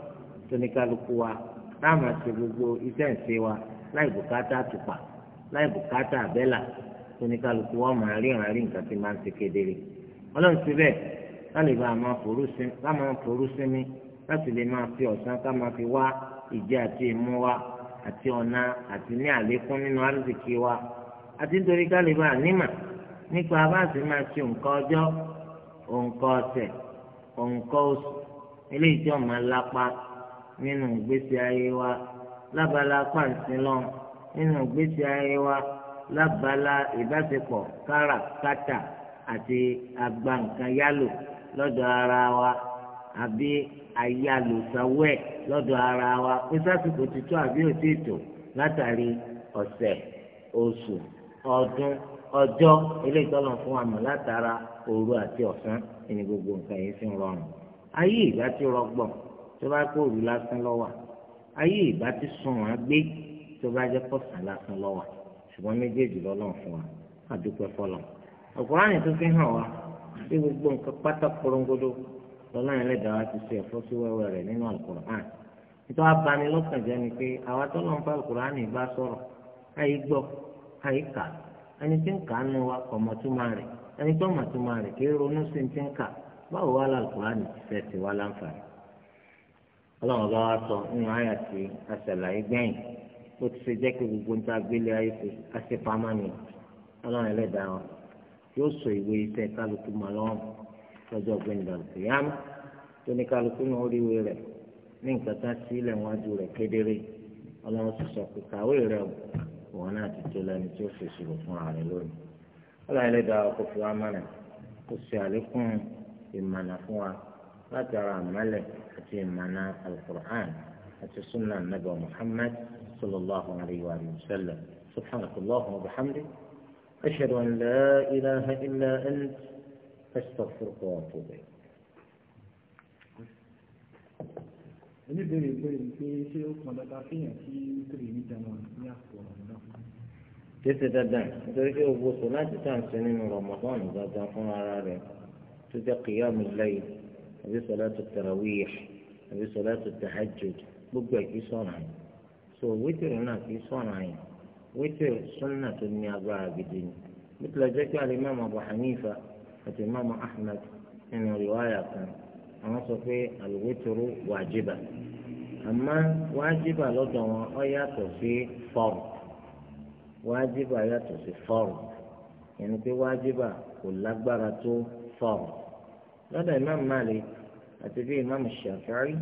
tóníkálukú wa náà máa ṣe gbogbo iṣẹ́ ìṣe wa láì bùkátà àtùpà láì bùkátà àbẹ́là tóníkálukú wa máa rí ìrànlẹ́ nǹkan tí máa ń ṣe kedere ọlọ́run ti bẹ́ẹ̀ láti bá a máa forú sinmi láti lè máa fi ọ̀sán ká máa fi wá ìjẹ àti ìmú wa àti ọ̀nà àti ní àlékún nínú àrísìkí wa àti nítorí ká lè nípa bá máa ṣe nǹkan ọjọ́ òǹkà ọ̀sẹ̀ òǹkà oṣù eléyìí tí ọmọ lápá nínú ìgbésí ayé wa lábala pàǹsílọ́n nínú ìgbésí ayé wa lábala ìbáṣepọ̀ káràkátà àti agbankanyálò lọ́dọ̀ ara wa àbí ayálòsáwẹ́ lọ́dọ̀ ara wa pé sásìkò ti tó àbí òtí ètò látàrí ọ̀sẹ̀ oṣù ọdún ọjọ́ eléyìí tọ́lọ̀ fún wa mọ̀ látara òru àti ọ̀sán ẹni gbogbo nǹkan yìí fi ń rọrùn ayé ìgbà tí rọgbọ tó bá kó òru lásán lọ́wà ayé ìgbà tí sunwọ̀n gbé tó bá jẹ́ pọ̀sán lásán lọ́wà ṣùgbọ́n méjèèjì lọ́lọ́run fún wa àdúpẹ́ fọlọ́ ọ̀kùnrin tó fi hàn wá sí gbogbo nǹkan pátá korongodo lọ́lọ́run ẹlẹ́dàá wa ti ṣe ẹ̀fọ́ sí wẹ́wẹ́ rẹ̀ nínú alukur'an nítorí abani lọ́kàn jẹ́ ni pé àwa tó lọ́n fa alukur'an ìbá sọ̀rọ̀ àyè gbọ́ àyè kà ẹni tí ń kà á nù wa kọ̀mọ̀túmọ̀ rẹ̀ ẹni tó mọ̀túmọ̀ rẹ̀ kì í ronú sí ti ń kà báwo wá làlùkùránì ti fẹ́ ti wá láǹfààní ọlọ́run bá wá sọ nínú àyà tí a ṣàlàyé gbẹ̀yìn ó ti ṣe jẹ́ kí gbogbo níta gbélé ayé fi aṣèpamọ́ ni ọlọ́run ẹlẹ́dàá wọn yóò sọ ìwé iṣẹ́ kálukú mọ́ lọ́wọ́ lọ́jọ́ gbẹ̀ndà òkèèyàn tó ní kálukú náà rí rẹ̀ ní nǹkan tá sílẹ̀ wájú rẹ̀ kedere ọlọ́run sì sọ pé kàwé rẹ̀ òun náà ti tó lẹ́ni tí ó fèsì rò fún ààrẹ lónìí ọlọ́run ẹlẹ́dàá ìmọ̀nà fún wa láti ara àmàlẹ̀ àti ìmọ̀nà alukur'an àti sunna nabẹ muhammad sallallahu alayhi wa sallam subhanahu wa bihamdi ashhadu an la ilaha illa ant astaghfiruka wa atubu ilayk. oníbèrè ìbéèrè pé ṣé ó pọn dandan kéèyàn kí nítorí ní jẹun ní àpò ọ̀rọ̀ náà. kí ṣe dandan nítorí pé gbogbo sọ láti tàǹsí nínú rọmọdán dandan fún ara rẹ̀. tó jẹ́ kìyàmù lẹ́yìn àbí sọ̀látù tàràwíyà àbí sọ̀látù tahajjud gbogbo ẹ̀ kì í sọ̀rọ̀ àyìn so wítìrì náà kì í sọ̀rọ̀ àyìn wítìrì súnà tó ní agbára gidi ni nítorí jẹ́ kí alimam Abu Hanifa àti imam Ahmad nínú riwaya kan àwọn sọ pé alùwítìrì wàjibà àmọ́ wàjibà lọ́dọ̀ wọn ọ yàtọ̀ sí fọ́ọ̀rù wàjibà yàtọ̀ sí fọ́ọ̀rù yẹn ni pé wàjibà kò lágbára tó fọ́ọ̀rù lọ́dọ̀ imam malik àti bí imam shafi'i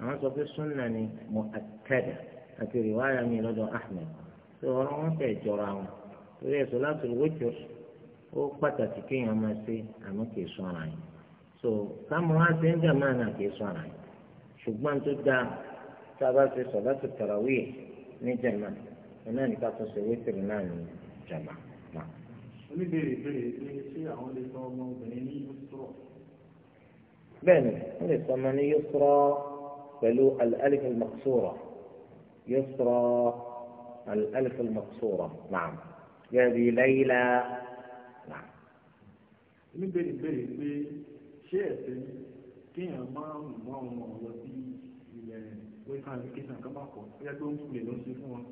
àwọn sọ pé sunna ni mu'akkada àti riwaya mi lọ́dọ̀ ahmed tó ọ̀rọ̀ wọn fẹ́ jọra wọn torí ẹ̀ solatul witr ó pàtàkì kéèyàn máa ṣe àmọ́ kì í sọ ara yẹn so kámo wá sí ń jàmáà náà kì í sọ ara yẹn ṣùgbọ́n tó dáa tá a bá ṣe solatul tarawih ní jàmáà iná nìkan tó ṣe wítìrì náà ní jàmáà oníbèrè ìbéèrè ṣé àwọn lè sọ ọmọbìnrin ní ìlú sọ̀rọ̀ bẹ́ẹ̀ni ó lè sọ ọmọ ní yusra pẹ̀lú al-alif al-maqsura yusra al-alif al-maqsura naam gẹ́gẹ́ layla naam. oníbèrè bèrè pé ṣé ẹ̀sẹ̀ kéèyàn máa ń mú àwọn ọmọ lọ sí ilẹ̀ western education kan bá pọ̀ bóyá tó ń kulè lọ sí fún wọn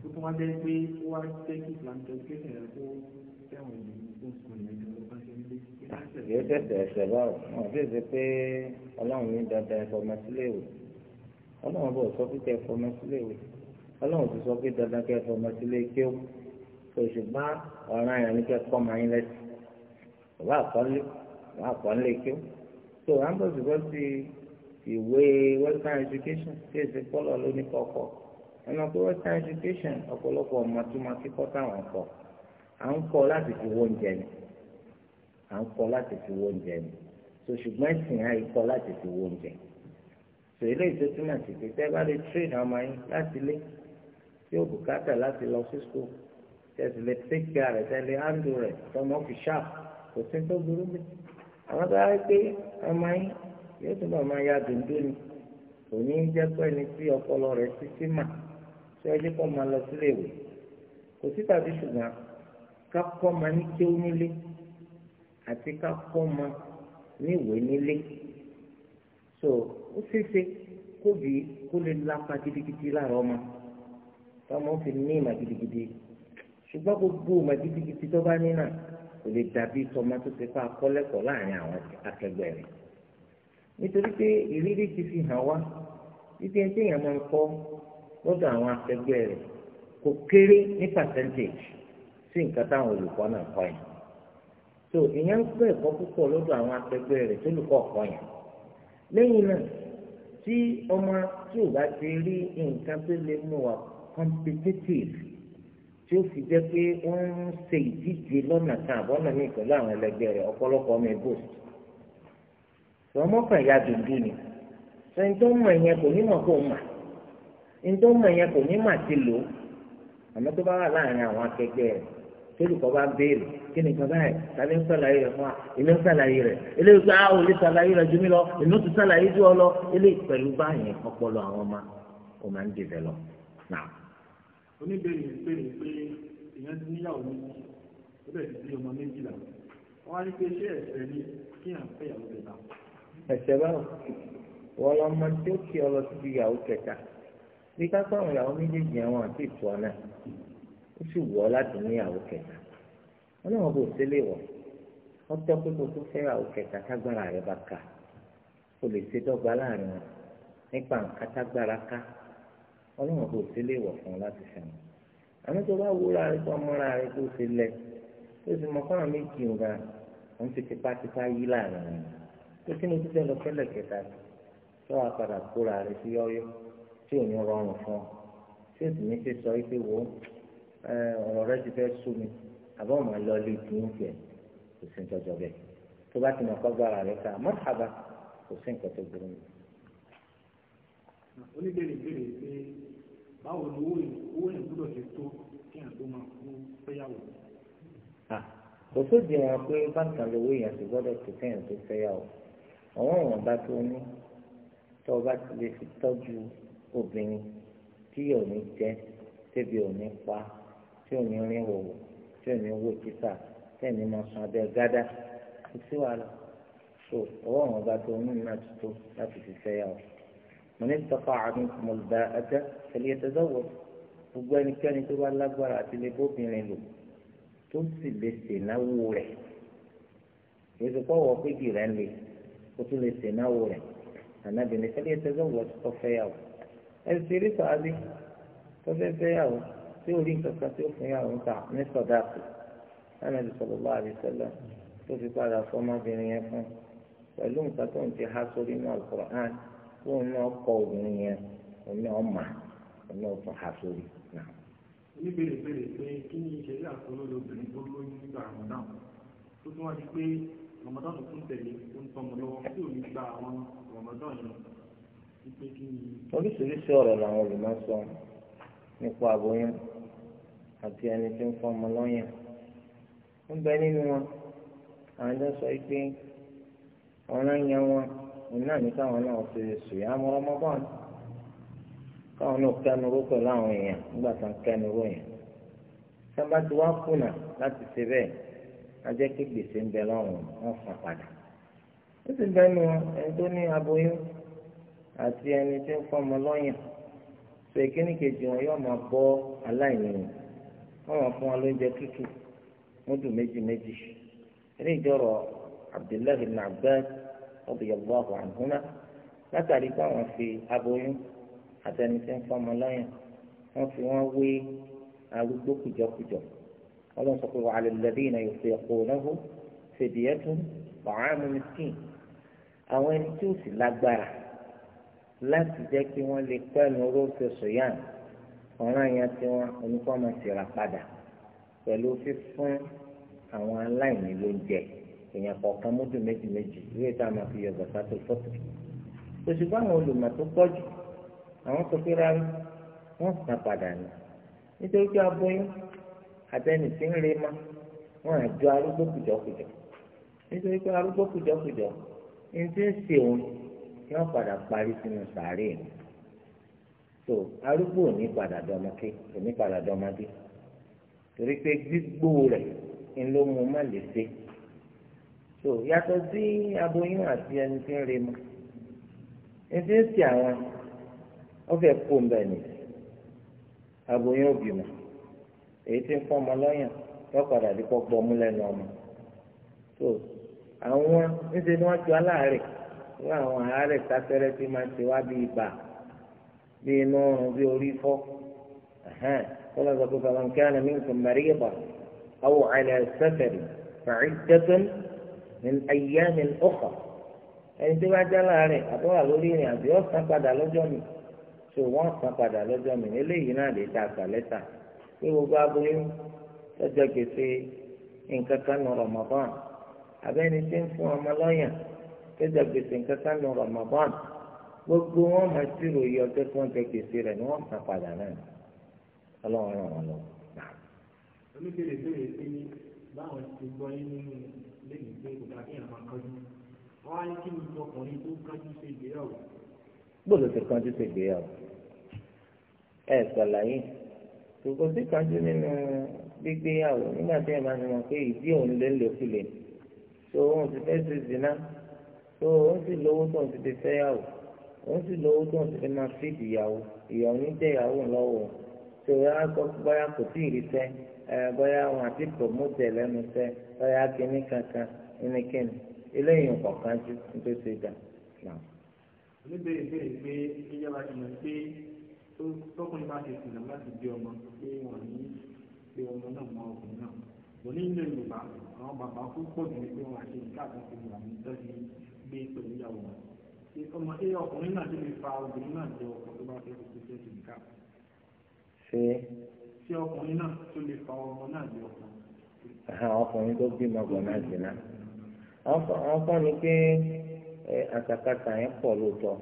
tó tún wá jẹ́ pé ó wá jẹ́ kí islamic education yẹn kó tẹ̀wọ̀n ìlú tó ń sùn ìrìn àjò lọ́pàá yóò tẹ̀sẹ̀ ẹ̀sẹ̀ báwò wọn fi ṣe pé ọlọ́run ní dandan ẹ̀fọ́mọ sílé ìwé ọlọ́run bọ̀ sọ pé kẹ́ ẹ̀fọ́mọ sílé ìwé ọlọ́run ti sọ pé dandan kẹ́ ẹ̀fọ́mọ sílé kéw òṣùgbọ́n ọ̀ràn yẹn ní kẹ́ kọ́ máa ń lẹ́sìn bàbá àkọ́lé bàbá àkọ́lé kéw tó à ń bọ̀ ṣùgbọ́n sí ìwé western education tí èsì pọ́lọ̀ ló ní kọ́kọ́ ẹnu pé western education ọ̀pọ̀lọpọ̀ ọmọ tó máa kíkọ́ táwọn kọ à à ń kọ́ láti fi wo oúnjẹ ni so ṣùgbọ́n ẹ̀sìn á yìí kọ́ láti fi wo oúnjẹ so eléyìí tó túmọ̀ sí pé tẹ́ bá lè train ọmọ yín láti lé tí ó bùkátà láti lọ sí school tẹ̀sí lè take care rẹ̀ tẹ̀lé handle rẹ̀ tọmọ fi sharp kò sí tó burú bí àwọn tó wáyé pé ọmọ yín yóò túbọ̀ máa ya dundun ni kò ní í jẹ́ pé ẹni tí ọpọlọ rẹ̀ ti sí mà tí ọjọ́ kọ́ máa lọ sílé ìwé kò sí tàbí ṣùgbọ́n ká máa ní kí ó nílé àti ká kọ́ ọmọ níwèé nílé so ó ṣeéṣe kóbi kó lè lápá gidigidi lára ọmọ tọmọ fi ní ìmọ̀ gidigidi ṣùgbọ́n gbogbo ìmọ̀ gidigidi tó bá ní náà kò lè dàbí tọmọ tó ti fa akọ́lẹ́kọ̀ọ́ láàrin àwọn akẹgbẹ́ rẹ̀ nítorí pé ìrírí ti fi hàn wá títí ẹni téèyàn máa ń kọ́ lọ́dọ̀ àwọn akẹgbẹ́ rẹ̀ kò kéré ní pàṣẹ́ntéèjì sí nǹkan táwọn olùkọ́ náà kọ́ yẹn. so ìyẹn ń kọ́ ẹ̀kọ́ púpọ̀ lọ́dọ̀ àwọn akẹgbẹ́ rẹ̀ tó lùkọ́ tí ọmọ tí ò bá ti rí nǹkan tó lè mú wa competitive tí ó fi jẹ́ pé wọ́n ń ṣe ìdíje lọ́nà kan àbọ̀nà àwọn ẹlẹgbẹ́ rẹ̀ ọmọ ya dundun ni kò ní mọ̀ kó mà kò kí ni nǹkan báyìí tàbí ń sàlàyé fún wa èmi ń sàlàyé eléyìí pé a ah, ò lè sàlàyé rẹ̀ jù mí lọ èmi ti sàlàyé jù ọ lọ eléyìí pẹ̀lú báyìí ọpọlọ àwọn ọmọ kò máa ń dìbẹ̀ lọ. oníbẹ̀rẹ̀ ìbéèrè pé èèyàn ti níyàwó méjì ó bẹ̀ ti bí ọmọ méjìlá wọ́n á ní pé ṣé ẹ̀ṣẹ̀ ni kí à ń fẹ́ ìyàwó kẹta. ẹ̀ṣẹ̀ báwo wọ́n lọ mọ tí ó kí ọ lọ síbi ìyàwó kẹta bí ká pàwọn ìyàwó méjèèjì àwọn àti ìtọ́ náà ó sì wù ọ láti níyàwó kẹta ọlọ́run bò sílé wọ̀ wọ́n tọ́ pé kó tó fẹ́yàwó kẹta tágbára rẹ̀ bá kà kó lè ṣe dọ́gba láàrin wọn nípa nǹkan tágbára ká ọlọ́run bò sílé wọ̀ fún un láti fẹ́ wọn. àmọ́ tó bá wúra rẹ̀ tó mọ́ra rẹ̀ tó ṣe lẹ̀ tó sì mọ fọ́nà méjì nga wọ́n ti tipátipá yí láàrin wọn. tó kí ni títẹ̀ lọ fẹ́lẹ̀ kẹta tó wàá padà kóra rẹ̀ sí yọ́yọ́ tí ò ní rọrùn fún ọ tí ò sì ní ṣe sọ wípé wo ọ̀rọ̀ rẹ ti fẹ́ sú mi àbọ̀ máa lọ lé ìdí ń tiẹ̀ kò sí nǹkan jọ bẹ́ẹ̀ tó bá ti mọ̀ kọ́ gbára rẹ̀ ká mọ́tàbá kò sí nǹkan tó burú mi. oníbèrè béèrè pé báwo ni owó owó yẹn gbúdọ̀ ṣe tó kí n tó máa fún fẹ́yàwó. kò tó di wọn pé bákan lówó yẹn ti gbọ́dọ̀ tó kẹ́yìn tó fẹ́yàwó àwọn ìwọ̀nba tó ní tó bá lè fi tọ́jú obìnrin tí yóò ní jẹ́ tẹ́bi ò pa tí ò ní wòwò tí ò ní wò títà tí ò ní mọ sùn abẹ́ gádá kò sí wàhálà so owó àwọn ọba tó ní náà ti tó láti fi fẹ́ yà ó mo ní tọ́ka àdún mo gba ẹgbẹ́ pẹ̀lú ìtẹ́sọ́wọ́ gbogbo ẹnikẹ́ni tó bá lágbára àti lè bóbìnrin lò tó sì lè ṣènáwó rẹ̀ èso pọ̀wọ́ péjì rẹ̀ lè kó tó lè ṣènáwó rẹ̀ ànábìnrin pẹ̀lú ìtẹ́sọ́wọ́ tó fẹ́ yà ó ẹ tí ó rí nǹkan kan tí ó fún yàrá ta ní sọdáàtì lánàbí sallallahu alaihi wasallam tó fi padà fọmọbìnrin yẹn fún pẹ̀lú nǹkan tó ń ti há sórí náà Al-Qur'an tó ń náà kọ obìnrin yẹn òun náà mà òun náà tún há sórí náà. oníbèrè bèrè pé kí ni ìṣẹ̀lẹ̀ àkọlù lóbìnrin tó lóyún nígbà Ramadan tó tún wá di pé Ramadan tó tún tẹ̀lé tó ń tọmọ lọ́wọ́ tí ò ní gba àwọn Ramadan yẹn wípé kí ni. oríṣiríṣi ọ̀rọ̀ làwọn olùmọ̀ sọ nípa aboyún àti ẹni tí ń fọmọ lọ́yàn ń bẹ nínú wọn àwọn sọ pé wọn òun náà ní káwọn náà ṣe sùyàmù Ramadan káwọn náà kẹnuró pẹ̀lú àwọn èèyàn nígbà tó ń kẹnuró yẹn sábà tí wọ́n kùnà láti ṣe bẹ́ẹ̀ ajẹ́ gbèsè ń bẹ lọ́rùn wọn padà ó sì bẹ́ẹ̀ nu ẹni tó ní aboyún àti ẹni ń lọ́yàn wọ́n máa fún wa lóúnjẹ tútù mọ́tò méjì méjì ní ìjọrọ abdullahi ibn abbas radiyallahu anhuma látàrí pé àwọn fi aboyún àtẹnisẹ́ ń fọmọ lọ́yàn wọ́n fi wọ́n wé arúgbó kùjọkùjọ ọlọ́run sọ pé wa 'ala alladhina yutiqunahu fidyatun ta'amu miskin àwọn ẹni tí ó sì lágbára láti jẹ́ kí wọ́n lè pẹ́ nu ró ṣe sòyàn ọ̀ràn yẹn tí wọn oníkọ́ máa ṣèrà padà pẹ̀lú fífún àwọn aláìní ló ń jẹ èèyàn kọ̀ọ̀kan mọ́tò méjì méjì ìwé tá a máa fi yọ bàtà tó fọ́tò òṣùpá àwọn olùmọ̀ tó pọ̀ jù àwọn sọ pé rárá wọ́n san padà ni nítorí pé aboyún àtẹnì tí ń re ma wọ́n àjọ arúgbó kùjọkùjọ nítorí pé arúgbó kùjọkùjọ ní ti ń ṣe òun yóò padà parí sínú sàárè ni so arúgbó ò ní padà dọmọké ò ní padà dọmọdé torí pé gbígbó rẹ ń ló mu má lè ṣe so yàtọ̀ sí aboyún àti ẹni tí ń re mu ẹni tí ń ṣe àwọn ọfẹ kó ń bẹ ní aboyún òbí èyí tí ń fọ ọmọ lọ́yàn yóò padà di mú lẹ́nu ọmọ so àwọn níṣẹ́ ni wọ́n ti aláàárẹ̀ wọ́n àwọn àárẹ̀ sáfẹ́rẹ́ tí máa ń ṣe wá bí ibà bí inú ọrùn bí orí fọ́ kọ́lá sọ pé bàbá nǹkan mi kò mẹ́rí bà aw ala safari fa'iddatun min ayyamin ukhra ẹni tó bá já láàrin àtọ́wà lórí ìrìn àbí ọ̀sán padà lọ́jọ́ mi tó wọ́n san padà lọ́jọ́ mi eléyìí náà lè ta àgbàlẹ́ta pé gbogbo aboyún lọ́jọ́ gbèsè nǹkan kan nù Ramadan àbẹ́ni tí ń fún ọmọ lọ́yàn lọ́jọ́ gbèsè nǹkan kan nù Ramadan gbogbo wọn máa ṣírò iye ọjọ́ tí wọ́n jẹ gbèsè rẹ̀ ni wọ́n san padà náà ọlọ́run ràn wọ́n lọ. oníbèrè béèrè pé báwọn ti gbọ́ yín nínú lẹ́yìn pé kò dàbí àwọn akọ́jú wọ́n á ní kí ni ọkùnrin tó kánjú ṣe ìgbéyàwó. gbọ́dọ̀ ti kánjú ṣe ìgbéyàwó ẹ ṣàlàyé ṣùgbọ́n tí kánjú nínú gbígbéyàwó nígbà tí ẹ máa ní wọn pé ìdí òun lé lòkulè tó òun ti fẹ́ ṣe zina tó òun sì lówó tó òun ti fẹ́ yàwó. wọ́n sì lówó tó ń fi máa fi ìyàwó ìyàwó ní jẹ́ ìyàwó lọ́wọ́ tó yà á gbọ́ bóyá kò tí ì rí sẹ́ wọn àti lẹ́nu sẹ́ kínní kankan eléyìí jù ṣe dà. pé ti mọ̀ pé tọkùnrin bá ṣe sìnà láti bí ọmọ pé wọ́n ní pé ọmọ náà mọ ọkùnrin náà ní ilé Yorùbá àwọn bàbá jù ní pé ọmọdé ọkùnrin náà ti lè fa obìnrin náà jẹ ọkọ tó bá fẹ́ fi ṣiṣẹ́ sí nǹkan. ṣé. ṣé ọkùnrin náà tó lè fa ọmọ náà jẹ ọkọ. ọkùnrin tó bímọ ọgbọ̀n náà jẹ náà. wọ́n kọ́ ni pé àtàkàtà yẹn pọ̀ lóòótọ́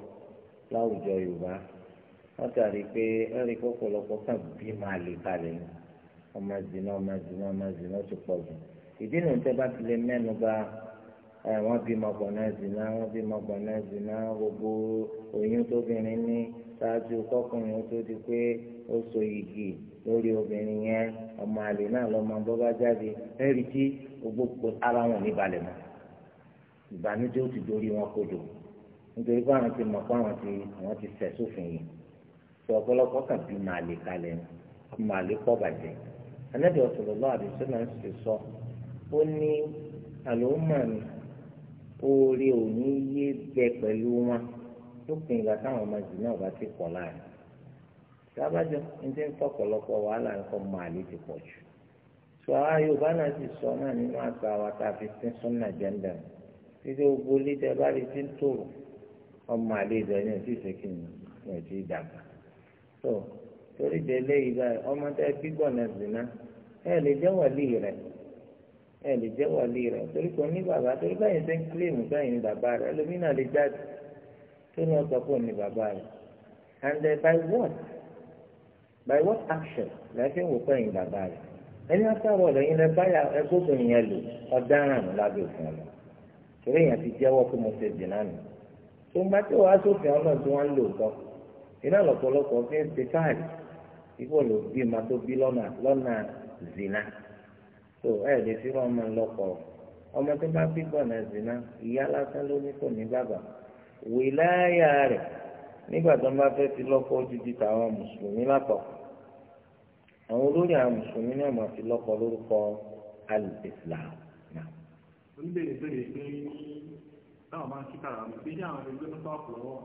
láwùjọ Yorùbá wọ́n tàbí pé ẹ̀rí pọ̀pọ̀lọpọ̀ kàn bímọ àlè kalẹ̀ ni ọmọ zina ọmọ zina ọmọ zina ti pọ̀ jù ìdí nìyẹn tẹ́ bá ti lè mẹ́nu bà wọ́n bímọ pọ̀ náà zìnà wọ́n bímọ pọ̀ náà zìnà gbogbo oyún tóbìnrin ní ṣáájú kọkùnrin ó tó di pé ó so yìgì lórí obìnrin yẹn ọmọ àlè náà lọ́mọ bọ́ bá jáde ẹ̀rí tí gbogbo ara wọn ní balẹ̀ mọ́ ìbànújẹ́ ó ti dorí wọn kodò nítorí pé àwọn ti mọ̀ pé àwọn ti àwọn ti fẹ̀ sófin yìí sọ ọ̀pọ̀lọpọ̀ kàn bí màálè kalẹ̀ màálè pọ̀ bàjẹ́ anábìyọ̀ sọ̀rọ̀ lọ́wọ́ àdìsọ́nà ń sọ ó ní àlòó mọ̀ ni oore ò ní yé bẹ pẹ̀lú wọn lópin ìgbà táwọn ọmọ jù náà bá ti pọ̀ láàrin sábàjọ ní ti ń fọ̀pọ̀lọpọ̀ wàhálà nǹkan màálí ti pọ̀ jù sọ àwọn Yorùbá náà sì sọ náà nínú àgbà wa tá a fi sí súnà jẹ́ńdà títí gbogbo lídẹ bá rí ti ń tòrò ọmọ àlè ìdẹ ní ẹtí ìsèkì ní ẹtí ìdàgbà tó torí délé ìgbà ọmọdé gbígbọ̀nà zìnà ẹ lè jẹ́ wọ̀lì rẹ̀ ẹ lè jẹ́ wàlí rẹ̀ torí kò ní bàbá torí báyìí ṣe ń kílèmù báyìí ní bàbá rẹ̀ ẹlòmínà lè jáde tó ní ọ̀sán kò ní bàbá rẹ̀ and uh, by what by what action la fi ń wò pẹ́yìn bàbá rẹ̀ ẹni àtàwọn ọ̀lẹ́yìn lẹ báyà ẹgbógun yẹn lò ọ̀daràn lábẹ́ òfin ọ̀la torí èèyàn ti jẹ́wọ́ pé mo ṣe dènà nù tó ń bá tí wàá sófin ọlọ́run tí wọ́n ń lò gan iná lọ́pọ̀lọpọ̀ fi ń ṣe káàdì ìfọ̀ bí ma tó bí lọ́nà lọ́nà zina tó ẹ̀ lè fi wọn ọmọ lọ́pọ̀ ọmọ tó bá bí gbọ̀nà zina ìyá lásán ló ní kò ní bàbá wìláyà rẹ̀ nígbà tó ń bá fẹ́ fi lọ́pọ̀ ojúdi tàwọn mùsùlùmí lápọ̀ àwọn olórí àwọn mùsùlùmí náà máa fi lọ́pọ̀ lórúkọ al-Islam náà. oníbèrè bèrè pé táwọn máa ń kí kàrà àmì pé ní àwọn ẹgbẹ́ tó bá pọ̀ lọ́wọ́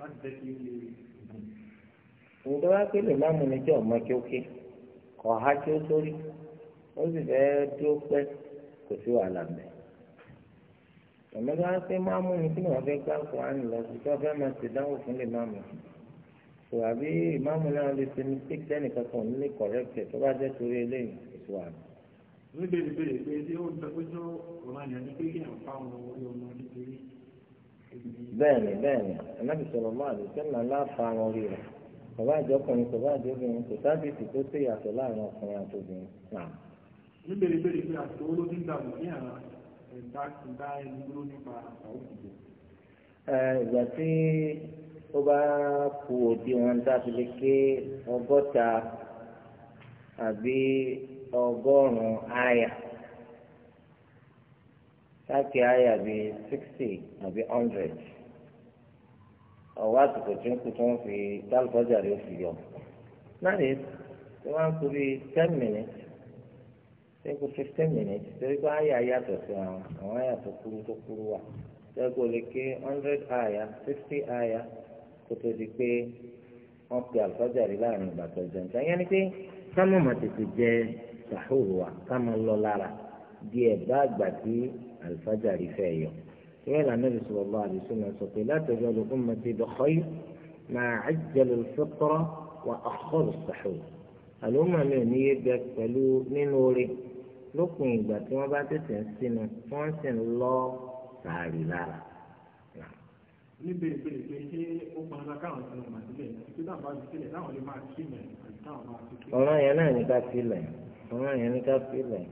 láti jẹ́ kí ó lè gùn. ìjọba pé lè má mú ni jẹ́ ọ̀mọ́ kí ó ké kọ̀ ha kí ó sórí ó sì fẹ́ dúró pẹ́ kò sí wàhálà mẹ́. ọ̀mọ́tò á pé máa mú ni kí ni wọ́n fẹ́ gbá kùránì lọ sí tí wọ́n fẹ́ máa ṣèdánwò fún lè máa mọ̀ kò àbí ìmáàmù náà lè ṣe mistake tẹ́nì kankan ò ní lè correct ẹ̀ tó bá jẹ́ torí eléyìí kò sí wàhálà. níbi ìbéèrè pé tí ó ń bẹ pẹ́jọ́ kùránì ẹni pé kí àwọn fáwọn ọmọ kékeré. bẹ́ẹ̀ni bẹ́ẹ̀ni anábì sọ̀rọ̀ mọ́ àdìsẹ́nà láfa wọn rí rẹ̀ bàbá àjọkùnrin bàbá àjọkùnrin kò sábìsì tó ṣèyàtọ̀ láàrin ọkùnrin àtòbìnrin náà ní bèrèbèrè pé àti owó ló ti ń dàbò ní àwọn ẹ̀dá ìdá ẹni dúró nípa àwọn òṣìṣẹ́. ìgbà tí ó bá ku òdi wọn dábìlì ké ọgọ́ta àbí ọgọ́rùn-ún àyà láti àyà bíi sixty àbí hundred ọ̀wọ́ àsìkò tí ń kú tí wọ́n fi dálùkọ́jà rẹ̀ fi yọ. náà lè wọ́n á kú bíi ten minutes sẹ́kù fifteen minutes torí pé àyà yàtọ̀ sí àwọn àwọn àyà tó kúrú tó kúrú wà sẹ́kù lè ké hundred àyà fifty àyà kó tó di pé wọ́n pe àlùfáàjàrí láàrin ìgbà tó jẹun tí àyàn ni pé kámọ̀ mà tètè jẹ sàhóòrò wa kámọ̀ lọ lára di ẹ̀bá àgbà tí àlùfáàjàrí fẹ́ yọ. ìwé ìlànà ìbí sọ̀rọ̀ bá àdìsú náà sọ pé látọ̀jọ́ lókun mà ti dọ̀kọ́ yìí àjẹlẹ̀ fẹ́tọ́rọ́ wa àkọ́rọ̀ sàhóòrò. àlùmọ̀ mi ò ní yé bẹ pẹ̀lú nínú orin lópin ìgbà tí wọ́n bá tètè ń sínú tí wọ́n sì ń lọ sàárì lára. níbi ìpele pé ṣé ó pọn dandan káwọn ti rìn màdílẹ̀ tí táwọn bá ti sílẹ̀ táwọn lè máa kí mẹ́ àti táwọn máa ti kí. ọ̀ràn yẹn náà ní ká sílẹ̀ ọ̀ràn yẹn ní ká sílẹ̀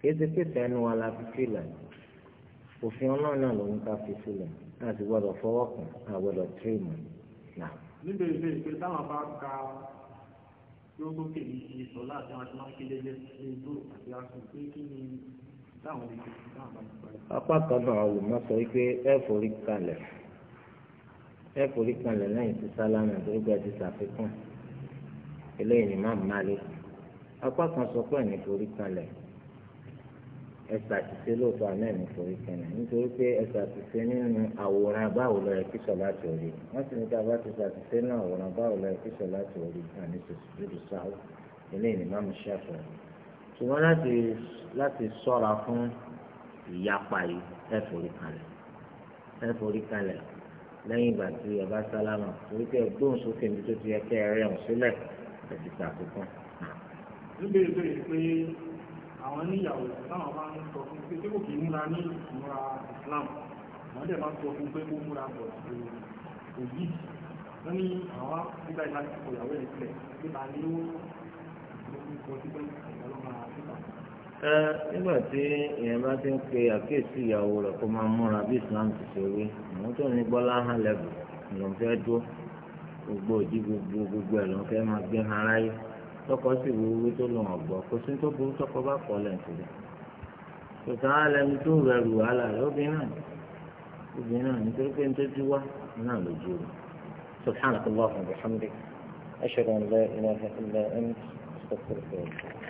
kìí ṣe wa la fi sílẹ̀ òfin ọlọ́run náà lòun ká fi sílẹ̀ láti gbọ́dọ̀ fọwọ́ kàn àgbọ̀dọ̀ tírìmù náà. níbi ìpele pé táwọn bá ka yóò tó kèmí ṣe sọ láti àwọn àtúnwá kéjẹjẹ ṣe tó àti aṣọ pé kí ni táwọn ìṣe táwọn bá ti parí. apá kan náà sọ wípé ẹ forí ẹ forí tí sálámà ti ẹsẹ̀ àtìsẹ́ lóòótọ́ àná ẹ̀mí forí kẹ́nà nítorí pé ẹsẹ̀ àtìsẹ́ nínú àwòrán báwo lọ yẹ kí sọlá ti orí wọ́n sì ní ká bá ti ṣàtìsẹ́ nínú àwòrán báwo lọ yẹ kí sọlá ti orí àní sòsìdúdú sáwọ́ eléyìí ni má mi ṣàfẹ́ ṣùgbọ́n láti láti sọ́ra fún ìyapa yìí ẹ kalẹ̀ ẹ kalẹ̀ lẹ́yìn ìgbà tí ẹ sálámà torí pé ẹgbóhùn sókè níbi tó ti yẹ kẹ́ ẹ rẹ̀ ọ̀ sílẹ̀ ẹ̀ àwọn níyàwó táwọn bá ń sọ fún pé tí kò kì í múra ní ìmúra Islam wọ́n dẹ̀ máa sọ fún pé kó múra bọ̀ òbí wọ́n ní àwọn nígbà ìlà ti ẹ̀ sílẹ̀ ní ó kọ sí pé ẹ nígbà tí èèyàn bá ti ń Islam tọkọ sì wú wí tó lọ ọgbọ kò sí tó burú tọkọ bá kọ lẹ́ǹtì rẹ̀ tòtá alẹ́ni tó rẹrù wàhálà rẹ̀ obìnrin náà obìnrin náà nítorí pé nítorí wá náà ló ju سبحانك اللهم وبحمدك أشهد أن لا إله إلا أنت أستغفرك وأتوب إليك